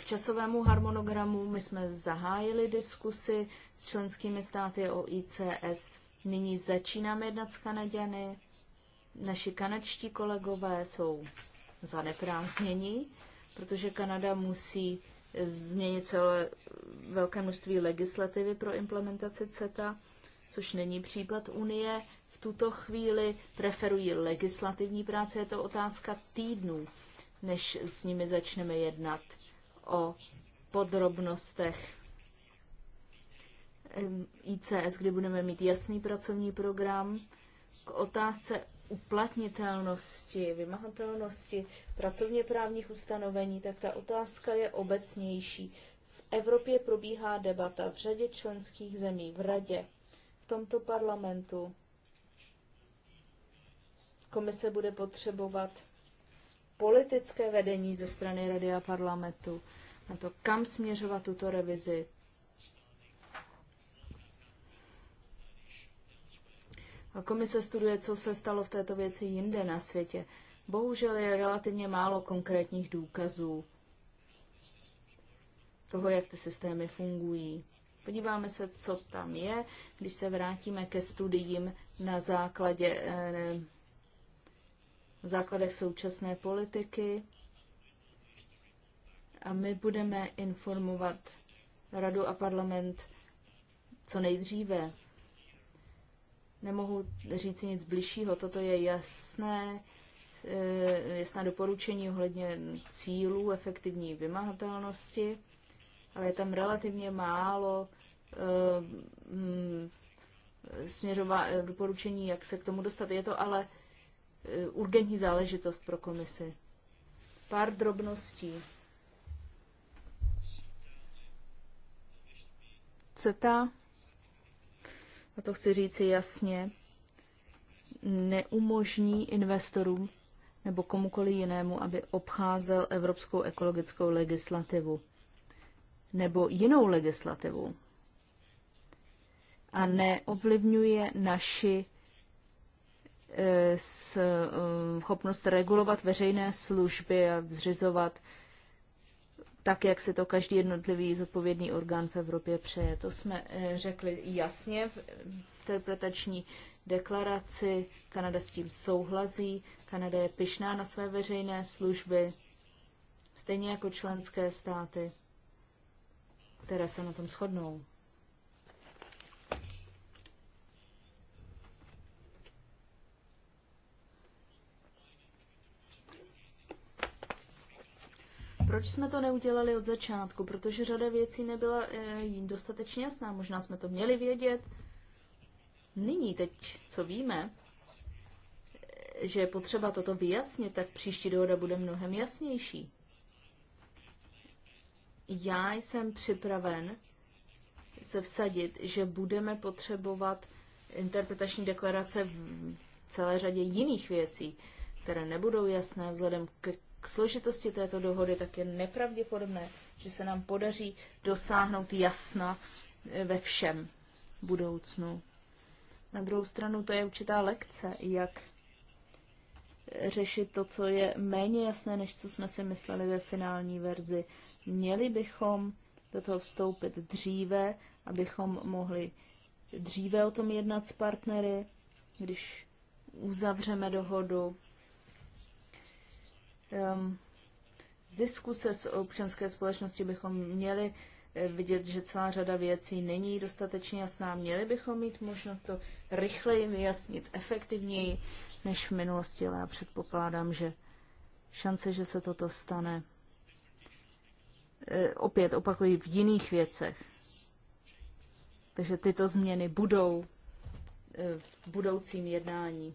časovému harmonogramu my jsme zahájili diskusy s členskými státy o ICS. Nyní začínáme jednat s Kanaděny. Naši kanadští kolegové jsou zaneprázdnění, protože Kanada musí změnit celé velké množství legislativy pro implementaci CETA, což není případ Unie. V tuto chvíli preferují legislativní práce, je to otázka týdnů, než s nimi začneme jednat o podrobnostech ICS, kdy budeme mít jasný pracovní program. K otázce uplatnitelnosti, vymahatelnosti pracovně právních ustanovení, tak ta otázka je obecnější. V Evropě probíhá debata v řadě členských zemí, v radě, v tomto parlamentu. Komise bude potřebovat politické vedení ze strany Rady a parlamentu na to, kam směřovat tuto revizi. A komise studuje, co se stalo v této věci jinde na světě. Bohužel je relativně málo konkrétních důkazů toho, jak ty systémy fungují. Podíváme se, co tam je, když se vrátíme ke studiím na základě eh, v základech současné politiky a my budeme informovat radu a parlament co nejdříve. Nemohu říct nic bližšího, toto je jasné, eh, jasná doporučení ohledně cílů efektivní vymahatelnosti, ale je tam relativně málo eh, mm, směřová eh, doporučení, jak se k tomu dostat. Je to ale Eh, urgentní záležitost pro komisi. Pár drobností. CETA, a to chci říct jasně, neumožní investorům nebo komukoli jinému, aby obcházel evropskou ekologickou legislativu nebo jinou legislativu a neovlivňuje naši Eh, schopnost regulovat veřejné služby a zřizovat tak, jak se to každý jednotlivý zodpovědný orgán v Evropě přeje. To jsme eh, řekli jasně v interpretační deklaraci. Kanada s tím souhlasí. Kanada je pyšná na své veřejné služby, stejně jako členské státy, které se na tom shodnou. Proč jsme to neudělali od začátku? Protože řada věcí nebyla eh, dostatečně jasná. Možná jsme to měli vědět. Nyní teď, co víme, eh, že je potřeba toto vyjasnit, tak příští dohoda bude mnohem jasnější. Já jsem připraven se vsadit, že budeme potřebovat interpretační deklarace v celé řadě jiných věcí, které nebudou jasné vzhledem k k složitosti této dohody, tak je nepravděpodobné, že se nám podaří dosáhnout jasna e, ve všem budoucnu. Na druhou stranu to je určitá lekce, jak řešit to, co je méně jasné, než co jsme si mysleli ve finální verzi. Měli bychom do toho vstoupit dříve, abychom mohli dříve o tom jednat s partnery, když uzavřeme dohodu, z diskuse s občanské společnosti bychom měli eh, vidět, že celá řada věcí není dostatečně jasná. Měli bychom mít možnost to rychleji vyjasnit, efektivněji než v minulosti, ale já předpokládám, že šance, že se toto stane, eh, opět opakují v jiných věcech. Takže tyto změny budou eh, v budoucím jednání.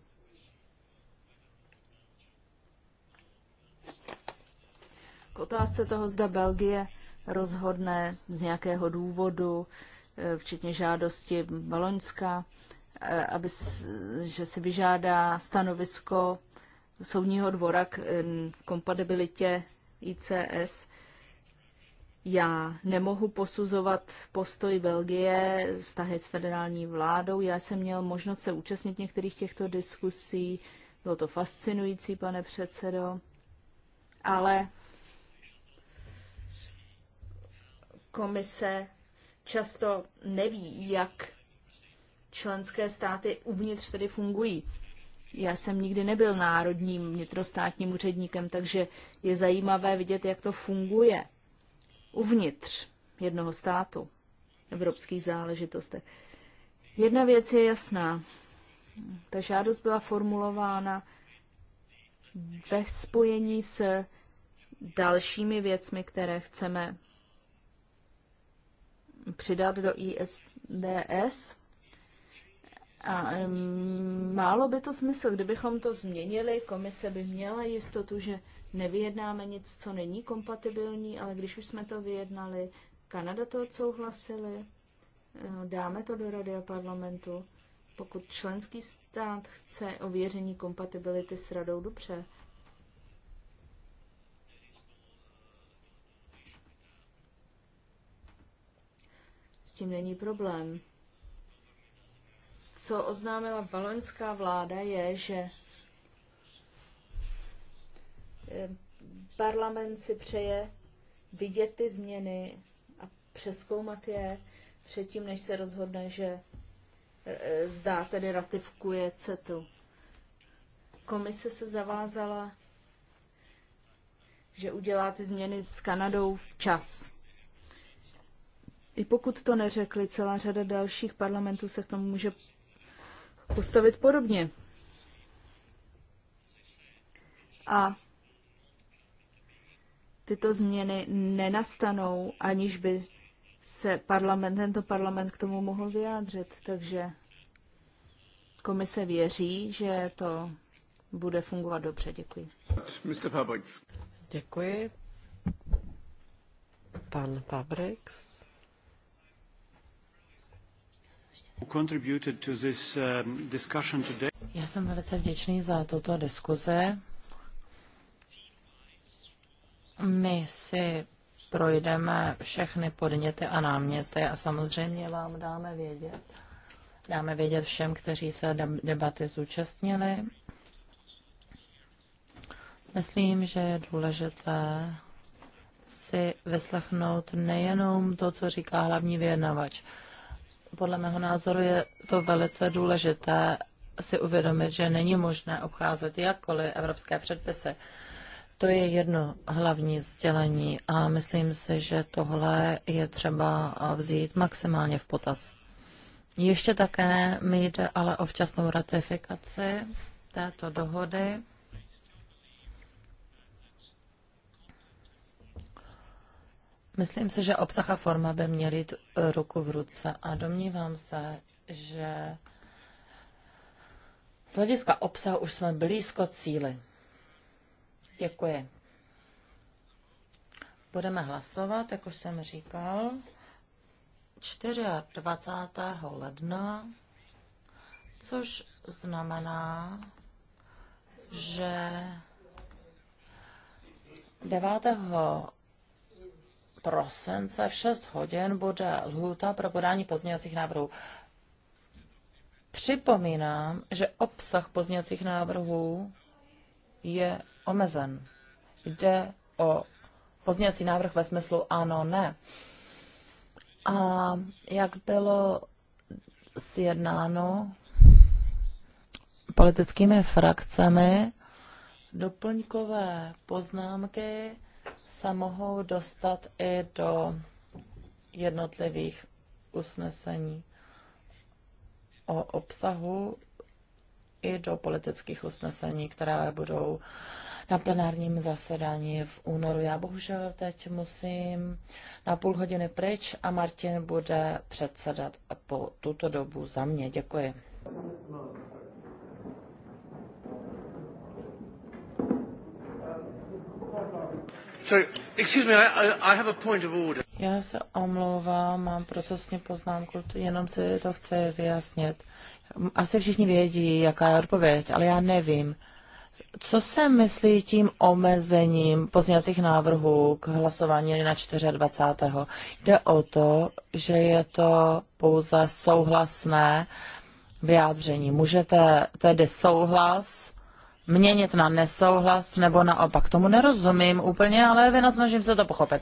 K otázce toho, zda Belgie rozhodne z nějakého důvodu, eh, včetně žádosti Baloňska, eh, aby, že si vyžádá stanovisko soudního dvora k kompatibilitě ICS. Já nemohu posuzovat postoj Belgie, vztahy s federální vládou. Já jsem měl možnost se účastnit některých těchto diskusí. Bylo to fascinující, pane předsedo ale komise často neví, jak členské státy uvnitř tedy fungují. Já jsem nikdy nebyl národním vnitrostátním úředníkem, takže je zajímavé vidět, jak to funguje uvnitř jednoho státu evropských záležitostech. Jedna věc je jasná. Ta žádost byla formulována ve spojení s dalšími věcmi, které chceme přidat do ISDS. A málo by to smysl, kdybychom to změnili, komise by měla jistotu, že nevyjednáme nic, co není kompatibilní, ale když už jsme to vyjednali, Kanada to odsouhlasili, eh, dáme to do rady a parlamentu pokud členský stát chce ověření kompatibility s radou, dobře. S tím není problém. Co oznámila baloňská vláda je, že eh, parlament si přeje vidět ty změny a přeskoumat je předtím, než se rozhodne, že Eh, zdá tedy ratifikuje CETu. Komise se zavázala, že udělá ty změny s Kanadou včas. I pokud to neřekli, celá řada dalších parlamentů se k tomu může postavit podobně. A tyto změny nenastanou, aniž by se parlament, tento parlament k tomu mohl vyjádřit. Takže komise věří, že to bude fungovat dobře. Děkuji. Mr. Fabrix. Děkuji. Pan um, today? Já jsem velice vděčný za tuto diskuze. My si projdeme všechny podněty a náměty a samozřejmě vám dáme vědět. Dáme vědět všem, kteří se debaty zúčastnili. Myslím, že je důležité si vyslechnout nejenom to, co říká hlavní vyjednavač. Podle mého názoru je to velice důležité si uvědomit, že není možné obcházet jakkoliv evropské předpisy. To je jedno hlavní sdělení a myslím si, že tohle je třeba vzít maximálně v potaz. Ještě také mi jde ale o včasnou ratifikaci této dohody. Myslím si, že obsah a forma by měly jít ruku v ruce a domnívám se, že z hlediska obsahu už jsme blízko cíli. Děkuji. Budeme hlasovat, jak už jsem říkal, 24. ledna, což znamená, že 9. prosince v 6 hodin bude lhůta pro podání pozměňovacích návrhů. Připomínám, že obsah pozměňovacích návrhů je omezen. Jde o pozměňovací návrh ve smyslu ano, ne. A jak bylo sjednáno politickými frakcemi, doplňkové poznámky se mohou dostat i do jednotlivých usnesení o obsahu i do politických usnesení, která budou na plenárním zasedání v únoru. Já bohužel teď musím na půl hodiny pryč a Martin bude předsedat po tuto dobu za mě. Děkuji. Sorry, excuse me, I, I have a point of order. Já se omlouvám, mám procesně poznámku, jenom si to chce vyjasnit. Asi všichni vědí, jaká je odpověď, ale já nevím. Co se myslí tím omezením pozněcích návrhů k hlasování na 24. Jde o to, že je to pouze souhlasné vyjádření. Můžete tedy souhlas měnit na nesouhlas nebo naopak. Tomu nerozumím úplně, ale vynasnažím se to pochopit.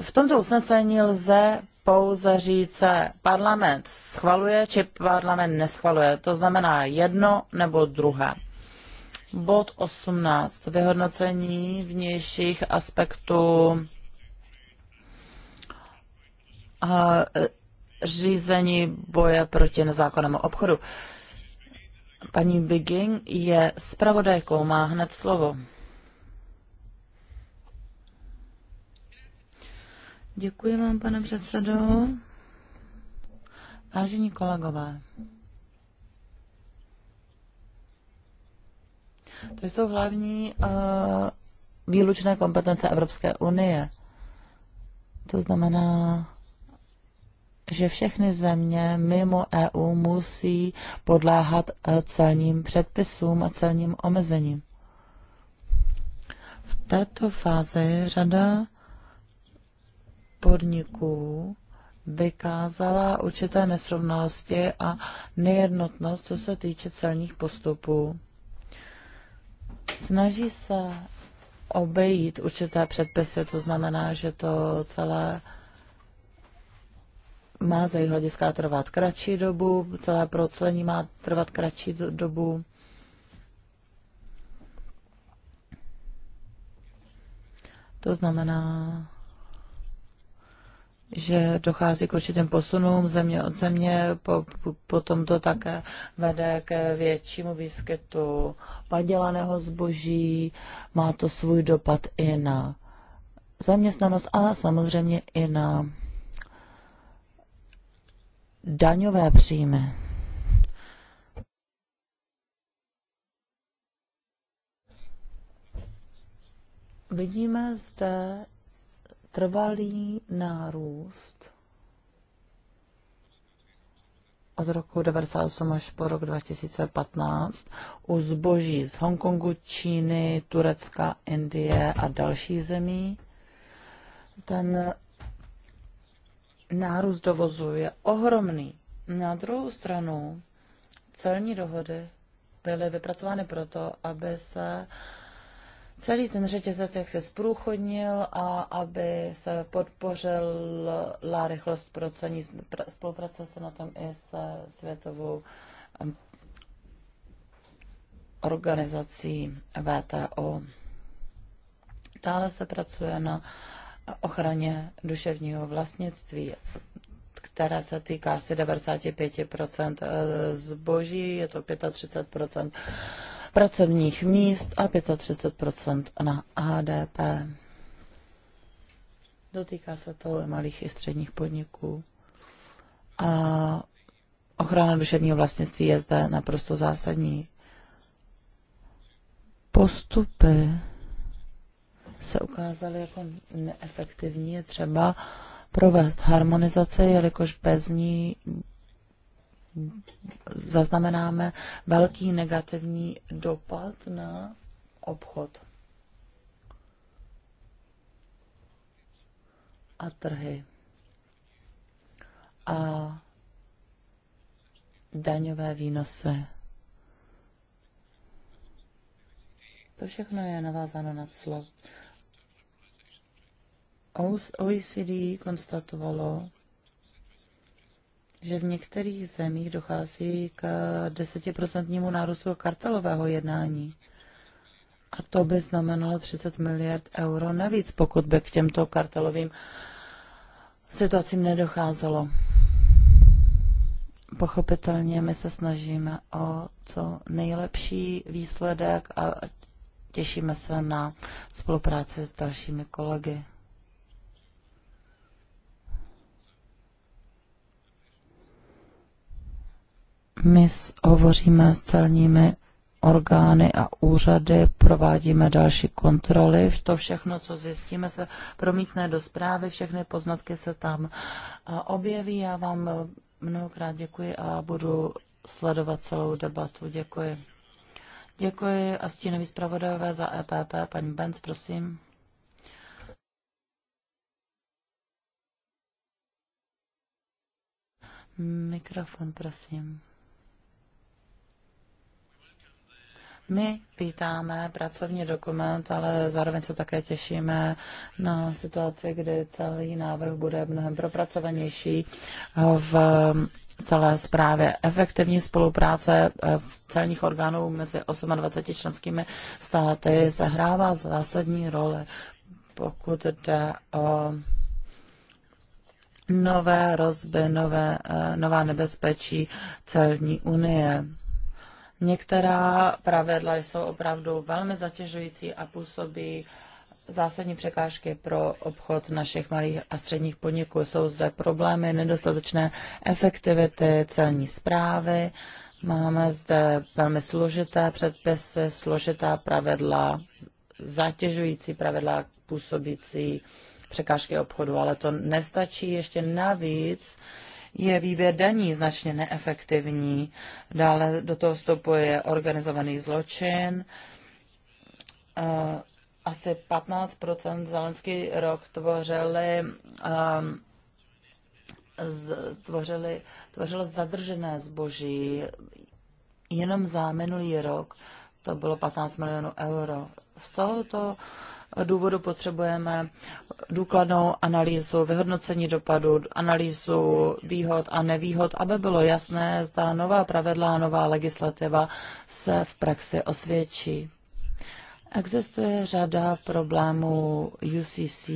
V tomto usnesení lze pouze říct, parlament schvaluje či parlament neschvaluje. To znamená jedno nebo druhé. Bod 18. Vyhodnocení vnějších aspektů eh, řízení boje proti nezákonnému obchodu. Paní Bigging je zpravodajkou, má hned slovo. Děkuji vám, pane předsedo. Vážení kolegové, to jsou hlavní uh, výlučné kompetence Evropské unie. To znamená, že všechny země mimo EU musí podléhat eh, celním předpisům a celním omezením. V této fázi řada podniků vykázala určité nesrovnalosti a nejednotnost, co se týče celních postupů. Snaží se obejít určité předpisy, to znamená, že to celé má z jejich hlediska trvat kratší dobu, celé proclení má trvat kratší dobu. To znamená, že dochází k určitým posunům země od země, po, po, potom to také vede k většímu výskytu padělaného zboží, má to svůj dopad i na zaměstnanost a samozřejmě i na daňové příjmy. Vidíme zde trvalý nárůst od roku 1998 až po rok 2015 u zboží z Hongkongu, Číny, Turecka, Indie a dalších zemí. Ten nárůst dovozu je ohromný. Na druhou stranu celní dohody byly vypracovány proto, aby se uh, celý ten řetězec, jak se zprůchodnil a aby se podpořila rychlost procení. Spolupracuje se na tom i se světovou organizací VTO. Dále se pracuje na ochraně duševního vlastnictví, která se týká asi 95 eh, zboží, je to 35 pracovních míst a 35 na HDP. Dotýká se to malých i středních podniků. A ochrana duševního vlastnictví je zde naprosto zásadní. Postupy se ukázaly jako neefektivní. Je třeba provést harmonizaci, jelikož bez ní zaznamenáme velký negativní dopad na obchod a trhy a daňové výnosy. To všechno je navázáno na clo. OECD konstatovalo, že v některých zemích dochází k desetiprocentnímu nárůstu kartelového jednání. A to by znamenalo 30 miliard euro navíc, pokud by k těmto kartelovým situacím nedocházelo. Pochopitelně my se snažíme o co nejlepší výsledek a těšíme se na spolupráci s dalšími kolegy. My hovoříme s celními orgány a úřady, provádíme další kontroly. To všechno, co zjistíme, se promítne do zprávy, všechny poznatky se tam objeví. Já vám e, mnohokrát děkuji a budu sledovat celou debatu. Děkuji. Děkuji a stínový zpravodajové za EPP. Paní Benz, prosím. Mikrofon, prosím. My vítáme pracovní dokument, ale zároveň se také těšíme na situaci, kdy celý návrh bude mnohem propracovanější v celé zprávě. Efektivní spolupráce eh, celních orgánů mezi 28 členskými státy sehrává zásadní roli, pokud jde o nové rozby, nové, eh, nová nebezpečí celní unie. Některá pravidla jsou opravdu velmi zatěžující a působí zásadní překážky pro obchod našich malých a středních podniků. Jsou zde problémy nedostatečné efektivity celní zprávy, máme zde velmi složité předpisy, složitá pravidla, zatěžující pravidla působící překážky obchodu, ale to nestačí ještě navíc je výběr daní značně neefektivní. Dále do toho vstupuje organizovaný zločin. Eh, asi 15 za loňský rok tvořili ehm, tvořili, tvořilo zadržené zboží. Jenom za minulý rok to bylo 15 milionů euro. Z tohoto důvodu potřebujeme důkladnou analýzu, vyhodnocení dopadu, analýzu výhod a nevýhod, aby bylo jasné, zda nová pravidla a nová legislativa se v praxi osvědčí. Existuje řada problémů UCC.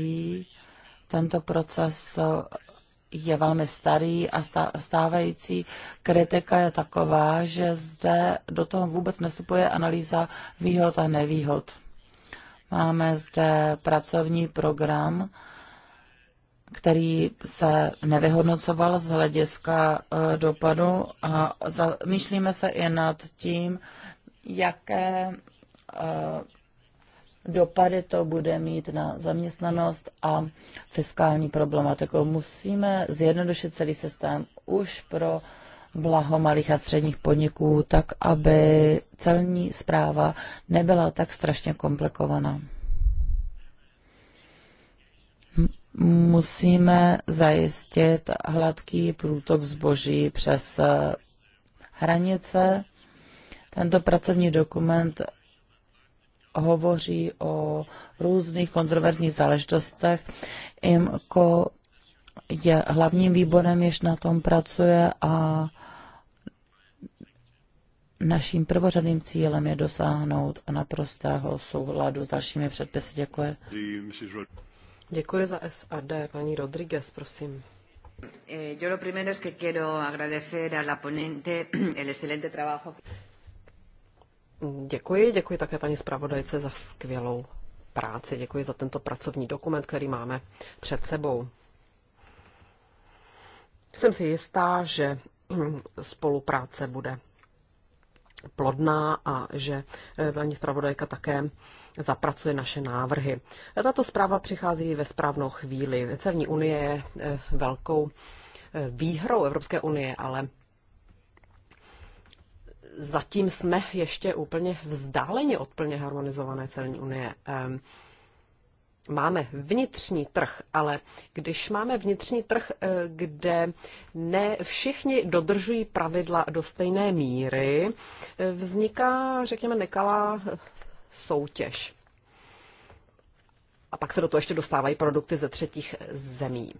Tento proces je velmi starý a stávající kritika je taková, že zde do toho vůbec nesupuje analýza výhod a nevýhod. Máme zde pracovní program, který se nevyhodnocoval z hlediska e, dopadu a zamýšlíme se i nad tím, jaké e, dopady to bude mít na zaměstnanost a fiskální problematiku. Musíme zjednodušit celý systém už pro blaho malých a středních podniků, tak aby celní zpráva nebyla tak strašně komplikovaná. Musíme zajistit hladký průtok zboží přes eh, hranice. Tento pracovní dokument hovoří o různých kontroverzních záležitostech. IMCO je hlavním výborem, jež na tom pracuje a Naším prvořadým cílem je dosáhnout a naprostého souhladu s dalšími předpisy. Děkuji. Děkuji za SAD. Paní Rodriguez, prosím. Děkuji, děkuji také paní zpravodajce za skvělou práci. Děkuji za tento pracovní dokument, který máme před sebou. Jsem si jistá, že spolupráce bude plodná a že eh, paní zpravodajka také zapracuje naše návrhy. Tato zpráva přichází ve správnou chvíli. Celní unie je eh, velkou eh, výhrou Evropské unie, ale zatím jsme ještě úplně vzdáleně od plně harmonizované celní unie máme vnitřní trh, ale když máme vnitřní trh, eh, kde ne všichni dodržují pravidla do stejné míry, eh, vzniká, řekněme, nekalá eh, soutěž. A pak se do toho ještě dostávají produkty ze třetích zemí.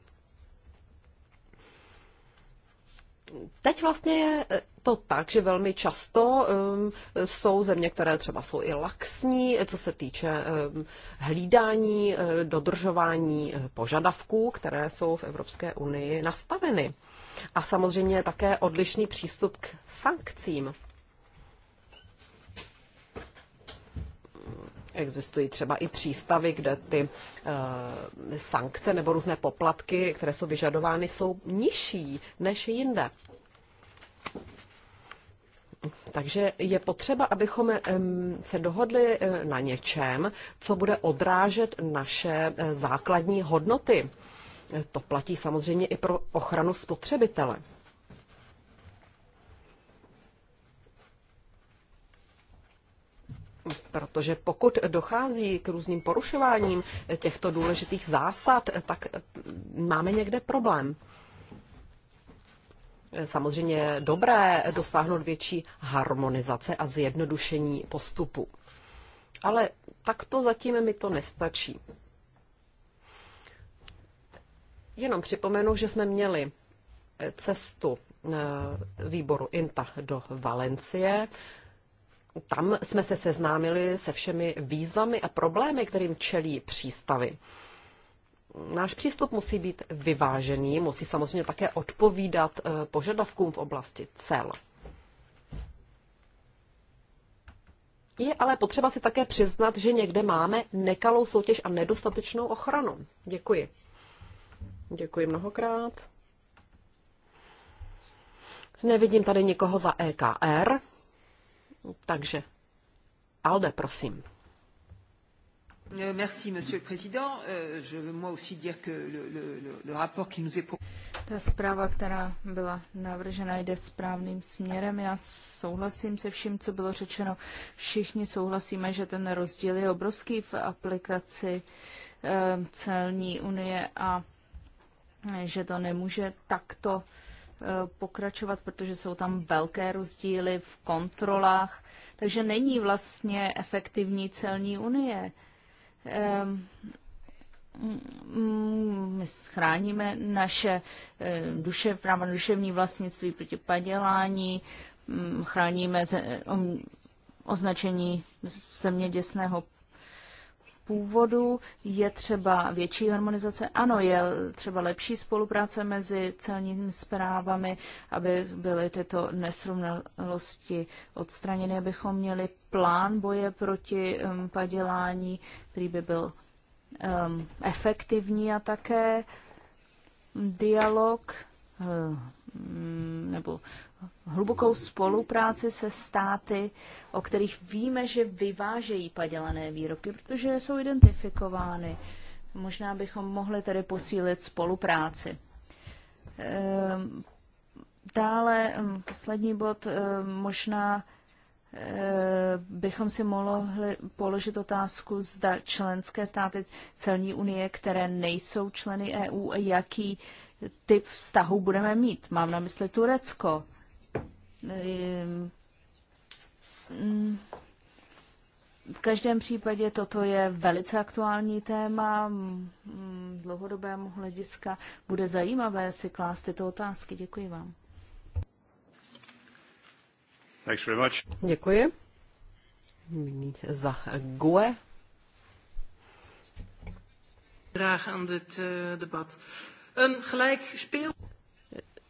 teď vlastně je eh, to tak, že velmi často ehm, jsou země, které třeba jsou i laxní, eh, co se týče ehm, hlídání, eh, dodržování požadavků, které jsou v Evropské unii nastaveny. A samozřejmě také odlišný přístup k sankcím. Existují třeba i přístavy, kde ty eh, sankce nebo různé poplatky, které jsou vyžadovány, jsou nižší než jinde. Takže je potřeba, abychom se dohodli eh, na něčem, co bude odrážet naše eh, základní hodnoty. To platí samozřejmě i pro ochranu spotřebitele. Protože pokud dochází k různým porušováním těchto důležitých zásad, tak máme někde problém. Samozřejmě dobré dosáhnout větší harmonizace a zjednodušení postupu. Ale takto zatím mi to nestačí. Jenom připomenu, že jsme měli cestu eh, výboru INTA do Valencie tam jsme se seznámili se všemi výzvami a problémy, kterým čelí přístavy. Náš přístup musí být vyvážený, musí samozřejmě také odpovídat eh, požadavkům v oblasti cel. Je ale potřeba si také přiznat, že někde máme nekalou soutěž a nedostatečnou ochranu. Děkuji. Děkuji mnohokrát. Nevidím tady nikoho za EKR. Takže Alde, prosím. Merci, monsieur le président. Euh, je veux moi aussi dire que le, le, le rapport qui nous est Ta zpráva, která byla navržena, jde správným směrem. Já souhlasím se vším, co bylo řečeno. Všichni souhlasíme, že ten rozdíl je obrovský v aplikaci eh, celní unie a že to nemůže takto Eh, pokračovat, protože jsou tam velké rozdíly v kontrolách, takže není vlastně efektivní celní unie. Ehm, mm, my chráníme naše eh, duše, práva duševní vlastnictví proti padělání, mm, chráníme mm, označení zeměděsného původu, je třeba větší harmonizace, ano, je třeba lepší spolupráce mezi celními zprávami, aby byly tyto nesrovnalosti odstraněny, abychom měli plán boje proti um, padělání, který by byl um, efektivní a také dialog uh, Mm, nebo hlubokou spolupráci se státy, o kterých víme, že vyvážejí padělané výrobky, protože jsou identifikovány. Možná bychom mohli tedy posílit spolupráci. Ehm, dále ehm, poslední bod, ehm, možná bychom si mohli položit otázku, zda členské státy celní unie, které nejsou členy EU, jaký typ vztahu budeme mít. Mám na mysli Turecko. V každém případě toto je velice aktuální téma. Dlouhodobému hlediska bude zajímavé si klást tyto otázky. Děkuji vám. Děkuji. Za GUE. Graag aan dit eh, debat een ehm, gelijk speel.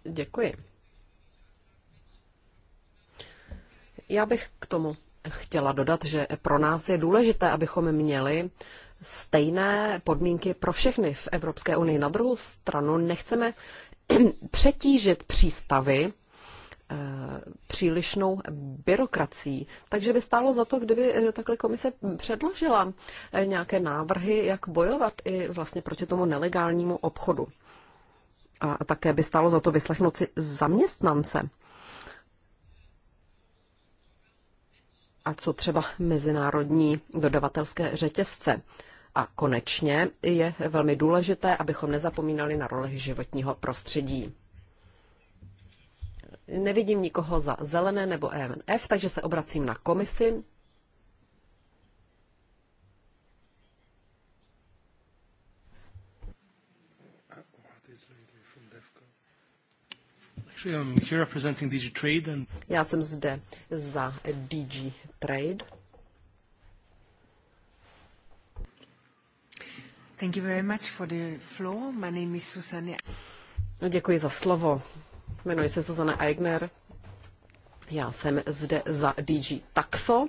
Děkuji. Já bych k tomu chtěla dodat, že pro nás je důležité, abychom měli stejné podmínky pro všechny v Evropské unii. Na druhou stranu nechceme přetížit přístavy Eh, přílišnou byrokracií. Takže by stálo za to, kdyby eh, takhle komise předložila eh, nějaké návrhy, jak bojovat i vlastně proti tomu nelegálnímu obchodu. A také by stálo za to vyslechnout si zaměstnance. A co třeba mezinárodní dodavatelské řetězce. A konečně je velmi důležité, abychom nezapomínali na roli životního prostředí. Nevidím nikoho za zelené nebo EMF, takže se obracím na komisi. Já jsem zde za DG Trade. Thank you very much for the floor. My name is Susanne. Děkuji za slovo. Jmenuji se Suzana Eigner. Já jsem zde za DG Taxo.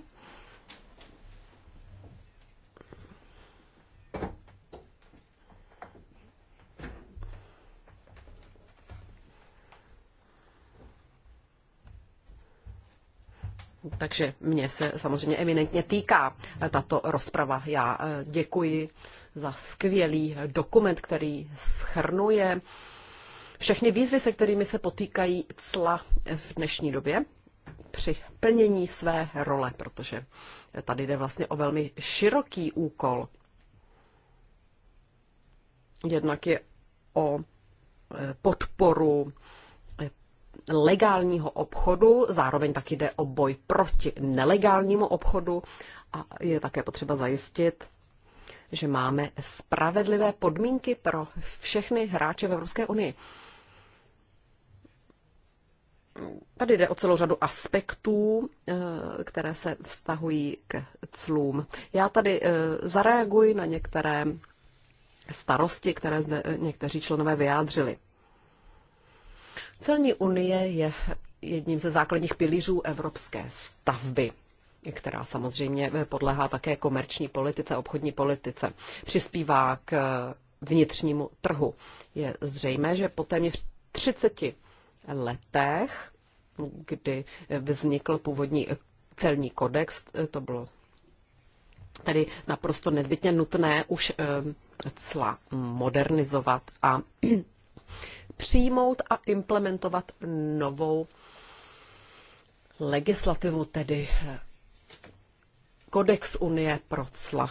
takže mě se samozřejmě eminentně týká tato rozprava. Já eh, děkuji za skvělý dokument, který schrnuje všechny výzvy, se kterými se potýkají cla v dnešní době při plnění své role, protože tady jde vlastně o velmi široký úkol. Jednak je o e, podporu e, legálního obchodu, zároveň taky jde o boj proti nelegálnímu obchodu a je také potřeba zajistit, že máme spravedlivé podmínky pro všechny hráče v Evropské unii. Tady jde o celou řadu aspektů, eh, které se vztahují k clům. Já tady eh, zareaguji na některé starosti, které zde eh, někteří členové vyjádřili. Celní unie je jedním ze základních pilířů evropské stavby která samozřejmě podlehá také komerční politice, obchodní politice. Přispívá k vnitřnímu trhu. Je zřejmé, že po téměř 30 letech, kdy vznikl původní celní kodex, to bylo tedy naprosto nezbytně nutné už eh, cla modernizovat a přijmout a implementovat novou legislativu, tedy eh, kodex Unie pro cla,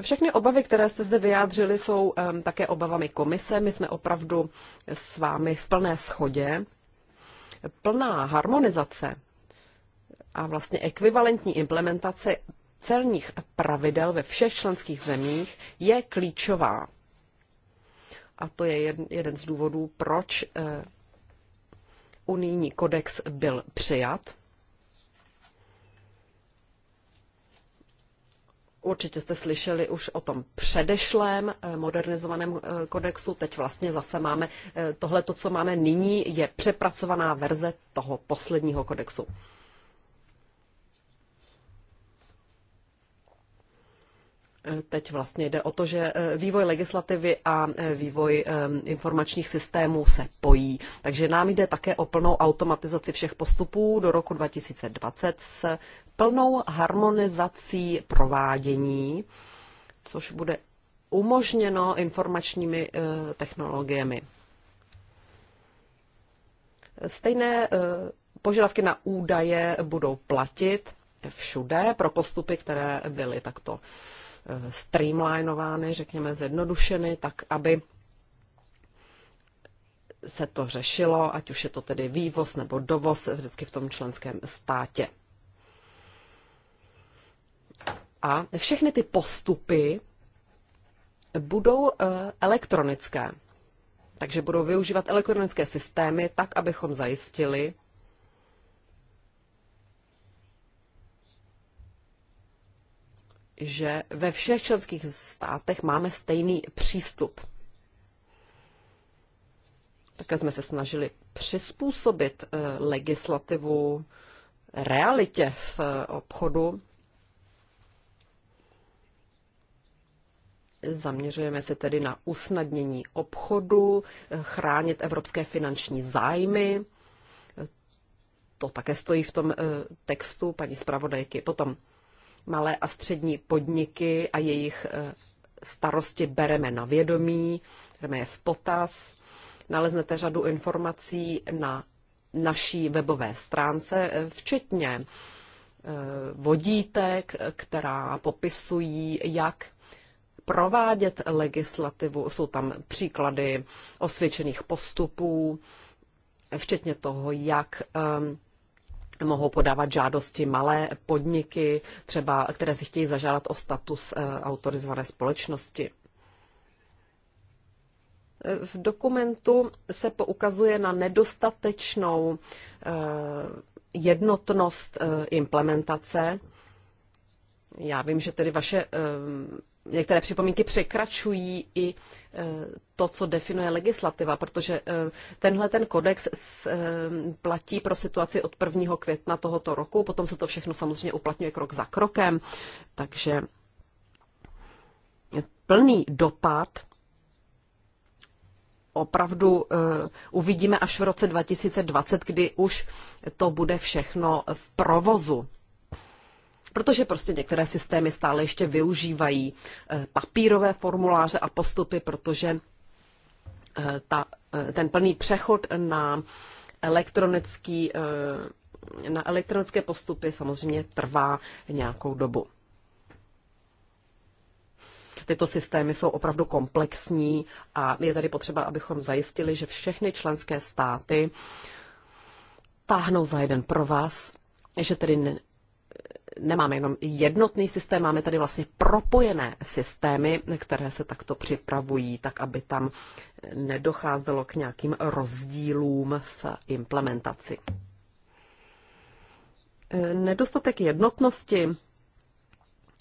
všechny obavy, které jste zde vyjádřili, jsou také obavami komise. My jsme opravdu s vámi v plné schodě. Plná harmonizace a vlastně ekvivalentní implementace celních pravidel ve všech členských zemích je klíčová. A to je jeden z důvodů, proč eh, unijní kodex byl přijat Určitě jste slyšeli už o tom předešlém eh, modernizovaném eh, kodexu. Teď vlastně zase máme eh, tohle, to, co máme nyní, je přepracovaná verze toho posledního kodexu. Teď vlastně jde o to, že vývoj legislativy a vývoj informačních systémů se pojí. Takže nám jde také o plnou automatizaci všech postupů do roku 2020 s plnou harmonizací provádění, což bude umožněno informačními eh, technologiemi. Stejné eh, požadavky na údaje budou platit všude pro postupy, které byly takto eh, streamlinovány, řekněme zjednodušeny, tak aby se to řešilo, ať už je to tedy vývoz nebo dovoz vždycky v tom členském státě a všechny ty postupy budou eh, elektronické. Takže budou využívat elektronické systémy tak, abychom zajistili, že ve všech členských státech máme stejný přístup. Také jsme se snažili přizpůsobit eh, legislativu realitě v eh, obchodu Zaměřujeme se tedy na usnadnění obchodu, chránit evropské finanční zájmy. To také stojí v tom eh, textu paní zpravodajky. Potom malé a střední podniky a jejich eh, starosti bereme na vědomí, bereme je v potaz. Naleznete řadu informací na naší webové stránce, eh, včetně vodítek, která popisují, jak provádět legislativu. Jsou tam příklady osvědčených postupů, včetně toho, jak ehm, mohou podávat žádosti malé podniky, třeba které si chtějí zažádat o status eh, autorizované společnosti. V dokumentu se poukazuje na nedostatečnou eh, jednotnost eh, implementace. Já vím, že tedy vaše ehm, některé připomínky překračují i e, to, co definuje legislativa, protože e, tenhle ten kodex e, platí pro situaci od 1. května tohoto roku, potom se to všechno samozřejmě uplatňuje krok za krokem, takže plný dopad opravdu uvidíme až v roce 2020, kdy už to bude všechno v provozu protože prostě některé systémy stále ještě využívají eh, papírové formuláře a postupy, protože eh, ta, eh, ten plný přechod na elektronický na elektronické postupy samozřejmě trvá nějakou dobu. Tyto systémy jsou opravdu komplexní a je tady potřeba, abychom zajistili, že všechny členské státy táhnou za jeden pro vás, že tedy nemáme jenom jednotný systém, máme tady vlastně propojené systémy, které se takto připravují, tak aby tam nedocházelo k nějakým rozdílům v implementaci. E, nedostatek jednotnosti,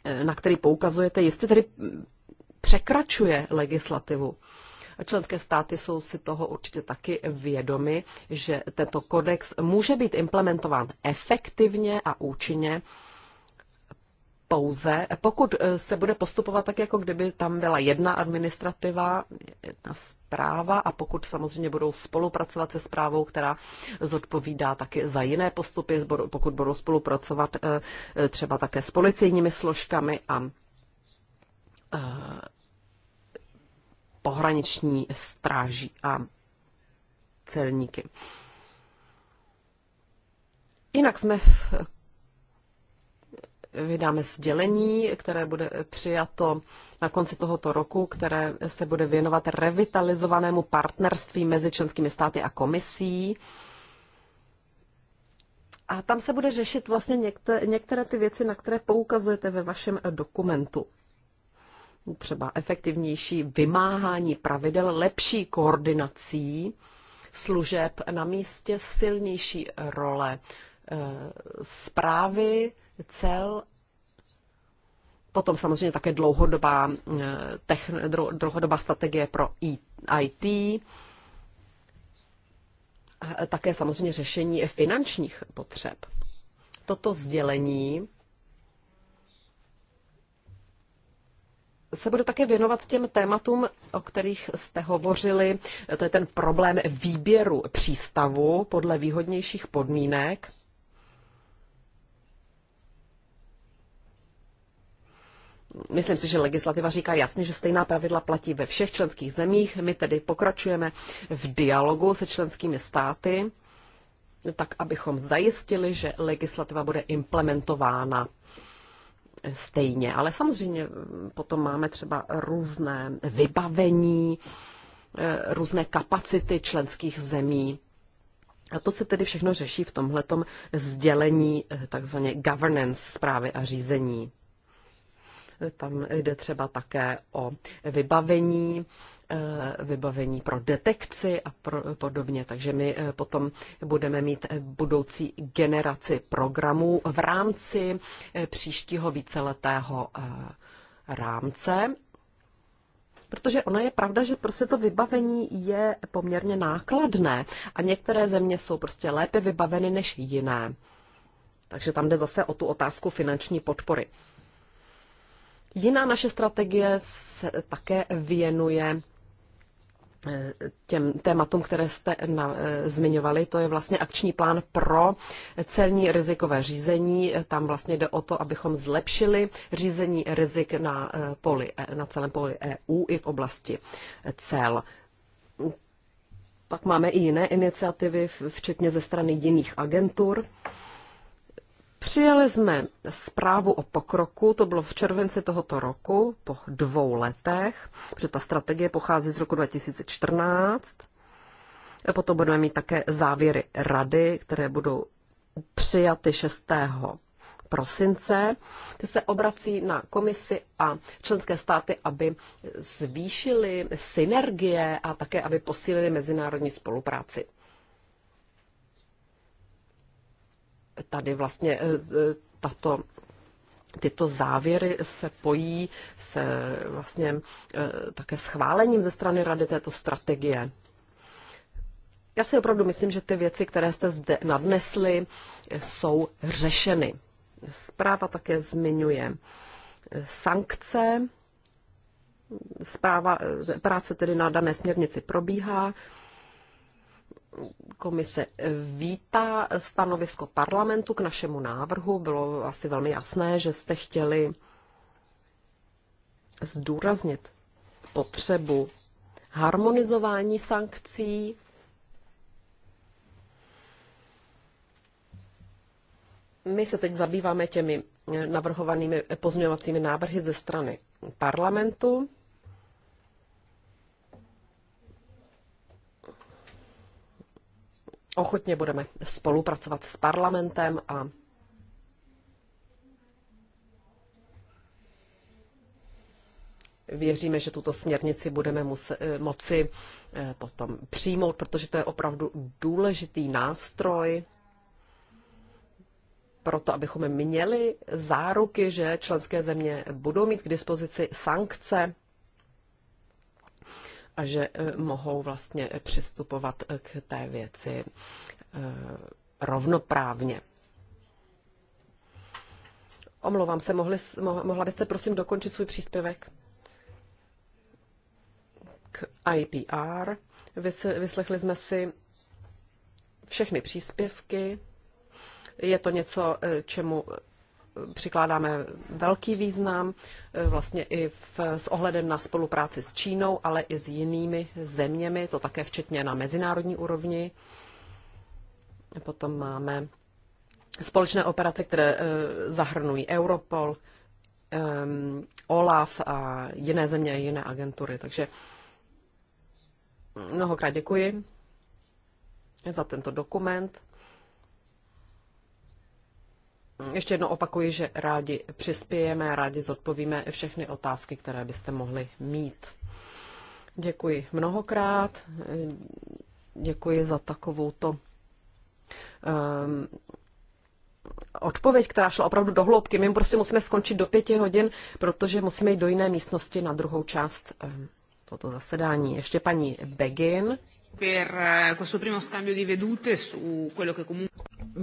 e, na který poukazujete, jistě tedy překračuje legislativu. A členské státy jsou si toho určitě taky vědomi, že tento kodex může být implementován efektivně a účinně pouze, pokud eh, se bude postupovat tak, jako kdyby tam byla jedna administrativa, jedna zpráva a pokud samozřejmě budou spolupracovat se zprávou, která zodpovídá taky za jiné postupy, pokud budou spolupracovat eh, eh, třeba také s policejními složkami a pohraniční stráží a celníky. Jinak jsme v vydáme sdělení, které bude přijato na konci tohoto roku, které se bude věnovat revitalizovanému partnerství mezi členskými státy a komisí. A tam se bude řešit vlastně některé, ty věci, na které poukazujete ve vašem dokumentu. Třeba efektivnější vymáhání pravidel, lepší koordinací služeb na místě, silnější role eh, zprávy, cel. Potom samozřejmě také dlouhodobá, eh, techn, dlouhodobá strategie pro IT, a také samozřejmě řešení finančních potřeb. Toto sdělení se bude také věnovat těm tématům, o kterých jste hovořili. To je ten problém výběru přístavu podle výhodnějších podmínek. Myslím si, že legislativa říká jasně, že stejná pravidla platí ve všech členských zemích. My tedy pokračujeme v dialogu se členskými státy, tak abychom zajistili, že legislativa bude implementována stejně. Ale samozřejmě potom máme třeba různé vybavení, různé kapacity členských zemí. A to se tedy všechno řeší v tomhletom sdělení eh, takzvané governance zprávy a řízení. Tam jde třeba také o vybavení, eh, vybavení pro detekci a pro, podobně. Takže my eh, potom budeme mít eh, budoucí generaci programů v rámci příštího víceletého rámce. Protože ona je pravda, že prostě to vybavení je poměrně nákladné a některé země jsou prostě lépe vybaveny než jiné. Takže tam jde zase o tu otázku finanční podpory. Jiná naše strategie se také věnuje eh, těm tématům, které jste na, eh, zmiňovali, to je vlastně akční plán pro celní rizikové řízení. Tam vlastně jde o to, abychom zlepšili řízení rizik na, eh, poli, na celém poli EU i v oblasti cel. Pak máme i jiné iniciativy, včetně ze strany jiných agentur. Přijali jsme zprávu o pokroku, to bylo v červenci tohoto roku, po dvou letech, protože ta strategie pochází z roku 2014. A potom budeme mít také závěry rady, které budou přijaty 6. prosince. Ty se obrací na komisi a členské státy, aby zvýšili synergie a také, aby posílili mezinárodní spolupráci. tady vlastně e, e, tato tyto závěry se pojí se vlastně e, také schválením ze strany rady této strategie. Já si opravdu myslím, že ty věci, které jste zde nadnesli, jsou řešeny. Zpráva také zmiňuje sankce. Zpráva, práce tedy na dané směrnici probíhá. Komise vítá stanovisko parlamentu k našemu návrhu. Bylo asi velmi jasné, že jste chtěli zdůraznit potřebu harmonizování sankcí, My se teď zabýváme těmi navrhovanými pozměňovacími návrhy ze strany parlamentu. Ochotně budeme spolupracovat s parlamentem a věříme, že tuto směrnici budeme eh, moci eh, potom přijmout, protože to je opravdu důležitý nástroj pro to, abychom měli záruky, že členské země budou mít k dispozici sankce a že e, mohou vlastně přistupovat e, k té věci e, rovnoprávně. Omlouvám se, mohli, mohla byste prosím dokončit svůj příspěvek k IPR. Vyslechli jsme si všechny příspěvky. Je to něco, čemu přikládáme velký význam, eh, vlastně i v, s ohledem na spolupráci s Čínou, ale i s jinými zeměmi, to také včetně na mezinárodní úrovni. Potom máme společné operace, které eh, zahrnují Europol, OLAF a jiné země a jiné agentury. Takže mnohokrát děkuji za tento dokument. Ještě jednou opakuji, že rádi přispějeme, rádi zodpovíme všechny otázky, které byste mohli mít. Děkuji mnohokrát, děkuji za to um, ehm, odpověď, která šla opravdu do hloubky. My prostě musíme skončit do pěti hodin, protože musíme jít do jiné místnosti na druhou část um, ehm, toto zasedání. Ještě paní Begin. Per eh, questo primo scambio di vedute su quello che comunque...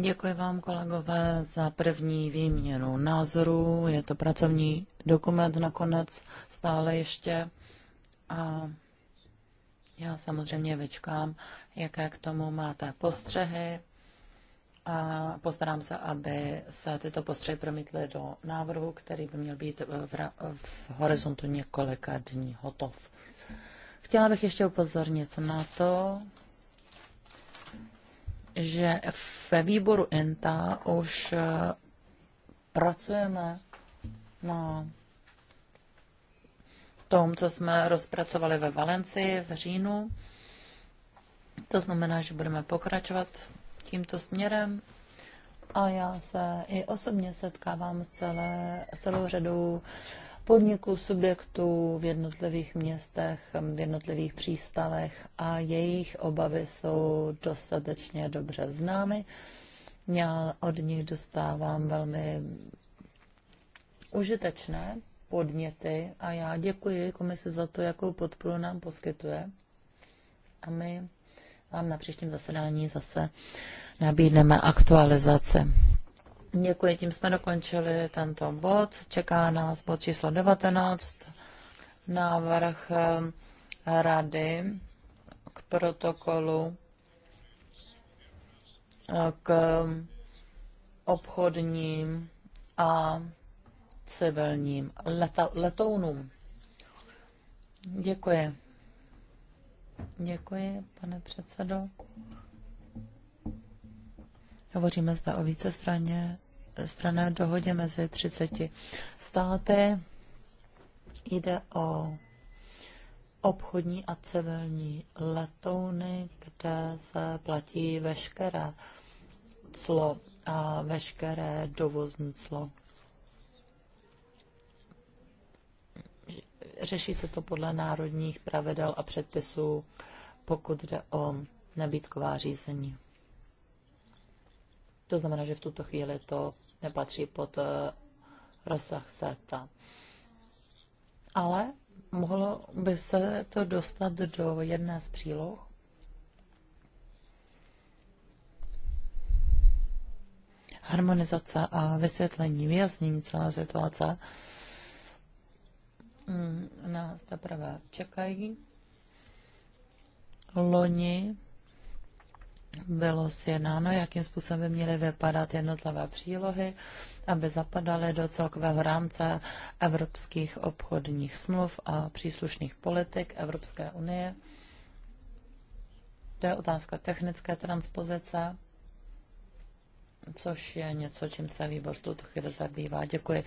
Děkuji vám, kolegové, za první výměnu názorů. Je to pracovní dokument nakonec stále ještě. A já samozřejmě vyčkám, jaké k tomu máte postřehy a postarám se, aby se tyto postřehy promítly do návrhu, který by měl být v, v horizontu několika dní hotov. Chtěla bych ještě upozornit na to, že ve výboru ENTA už eh, pracujeme na tom, co jsme rozpracovali ve Valencii v říjnu. To znamená, že budeme pokračovat tímto směrem. A já se i osobně setkávám s celé, celou řadou uh, podniků, subjektů v jednotlivých městech, v jednotlivých přístalech a jejich obavy jsou dostatečně dobře známy. Já od nich dostávám velmi užitečné podněty a já děkuji komisi za to, jakou podporu nám poskytuje. A my vám na příštím zasedání zase nabídneme aktualizace. Děkuji, tím jsme dokončili tento bod. Čeká nás bod číslo 19, návrh ehm, rady k protokolu eh, k obchodním a civilním leta, letounům. Děkuji. Děkuji, pane předsedo. Hovoříme zde o více straně, strané dohodě mezi 30 státy. Jde o obchodní a civilní letouny, kde se platí veškeré clo a veškeré dovozní clo. Řeší se to podle národních pravidel a předpisů, pokud jde o nabídková řízení. To znamená, že v tuto chvíli to nepatří pod eh, rozsah SETA. Ale mohlo by se to dostat do jedné z příloh? Harmonizace a vysvětlení, vyjasnění celé situace mm, nás teprve čekají. Loni bylo sjednáno, jakým způsobem by měly vypadat jednotlivé přílohy, aby zapadaly do celkového rámce evropských obchodních smluv a příslušných politik Evropské unie. To je otázka technické transpozice, což je něco, čím se výbor v tuto chvíli zabývá. Děkuji.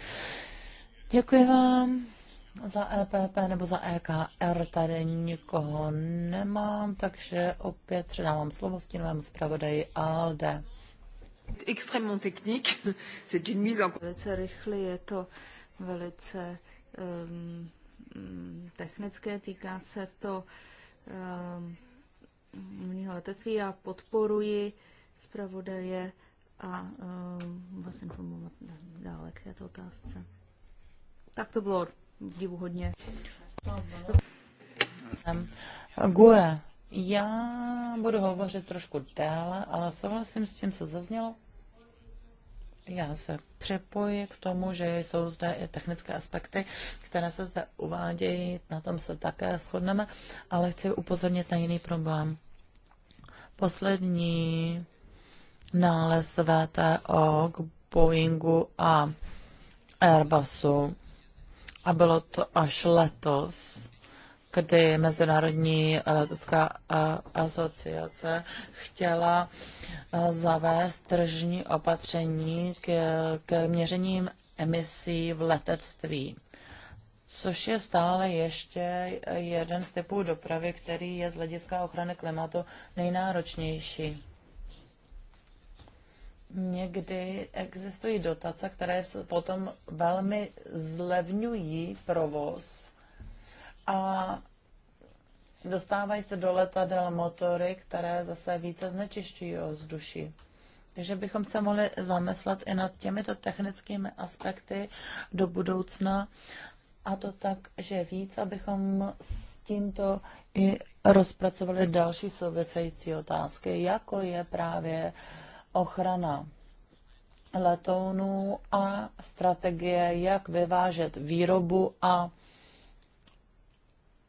Děkuji vám. Za EPP nebo za EKR tady nikoho nemám, takže opět předávám slovo stínovému zpravodaji ALD. Extrêmement technique, c'est une mise en... Velice rychle je to velice um, technické, týká se to um, letectví. Já podporuji zpravodaje a um, vás informovat dále k této otázce. Tak to bylo divuhodně. Gue, já budu hovořit trošku déle, ale souhlasím s tím, co zaznělo. Já se přepoji k tomu, že jsou zde i technické aspekty, které se zde uvádějí, na tom se také shodneme, ale chci upozornit na jiný problém. Poslední nález VTO k Boeingu a Airbusu a bylo to až letos, kdy Mezinárodní letecká asociace chtěla eh, zavést tržní opatření k, k měřením emisí v letectví což je stále ještě jeden z typů dopravy, který je z hlediska ochrany klimatu nejnáročnější někdy existují dotace, které potom velmi zlevňují provoz a dostávají se do letadel motory, které zase více znečišťují ovzduší. Takže bychom se mohli zamyslet i nad těmito technickými aspekty do budoucna a to tak, že víc, abychom s tímto i rozpracovali další související otázky, jako je právě uh, ochrana letounů a strategie, jak vyvážet výrobu a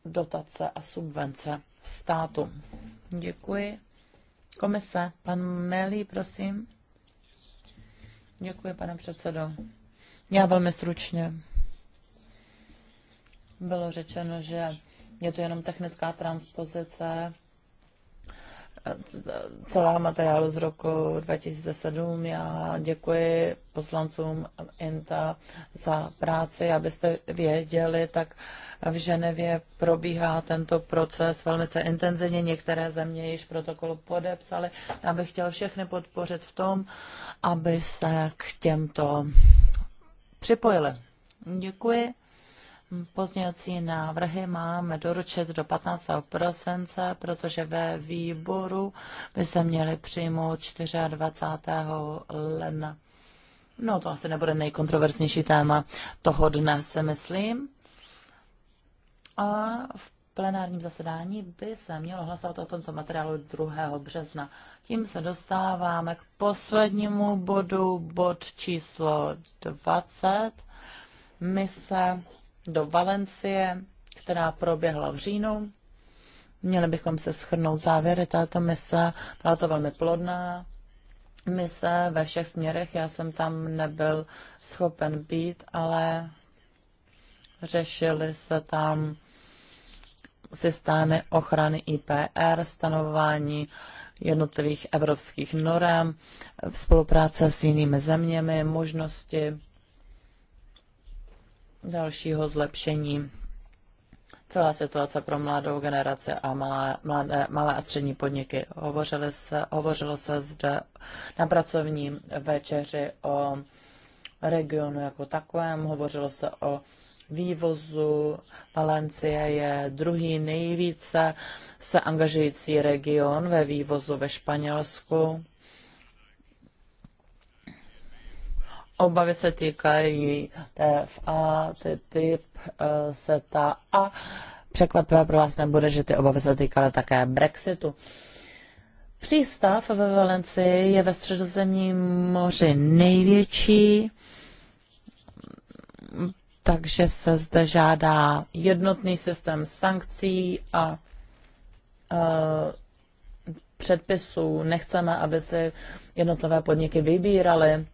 dotace a subvence státu. Děkuji. Komise, pan Melí, prosím. Děkuji, pane předsedo. Já velmi stručně. Bylo řečeno, že je to jenom technická transpozice celá materiálu z roku 2007. Já děkuji poslancům INTA za práci. Abyste věděli, tak v Ženevě probíhá tento proces velmi intenzivně. Některé země již protokol podepsaly. Já bych chtěl všechny podpořit v tom, aby se k těmto připojili. Děkuji. Pozdějící návrhy máme doručit do 15. prosince, protože ve výboru by se měly přijmout 24. ledna. No to asi nebude nejkontroverznější téma toho dne, se myslím. A v plenárním zasedání by se mělo hlasovat o tomto materiálu 2. března. Tím se dostáváme k poslednímu bodu, bod číslo 20. se do Valencie, která proběhla v říjnu. Měli bychom se schrnout závěry této mise. Byla to velmi plodná mise ve všech směrech. Já jsem tam nebyl schopen být, ale řešili se tam systémy ochrany IPR, stanovování jednotlivých evropských norem, spolupráce s jinými zeměmi, možnosti dalšího zlepšení. Celá situace pro mladou generaci a malé, mladé, malé a střední podniky. Hovořili se, hovořilo se zde na pracovní večeři o regionu jako takovém, hovořilo se o vývozu. Valencie je druhý nejvíce se angažující region ve vývozu ve Španělsku. Obavy se týkají TFA, ty typ, eh, SETA a překvapivé pro vás nebude, že ty obavy se týkaly také Brexitu. Přístav ve Valenci je ve středozemním moři největší, takže se zde žádá jednotný systém sankcí a eh, předpisů. Nechceme, aby si jednotlivé podniky vybíraly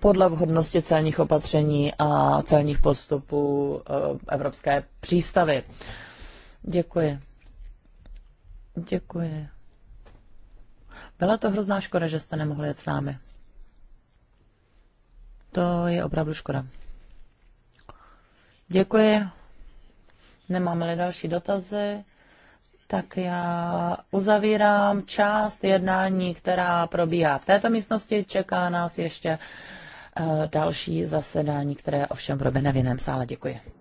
podle vhodnosti celních opatření a celních postupů eh, Evropské přístavy. Děkuji. Děkuji. Byla to hrozná škoda, že jste nemohli jet s námi. To je opravdu škoda. Děkuji. Nemáme-li další dotazy tak já uzavírám část jednání, která probíhá v této místnosti. Čeká nás ještě eh, další zasedání, které ovšem proběhne v jiném sále. Děkuji.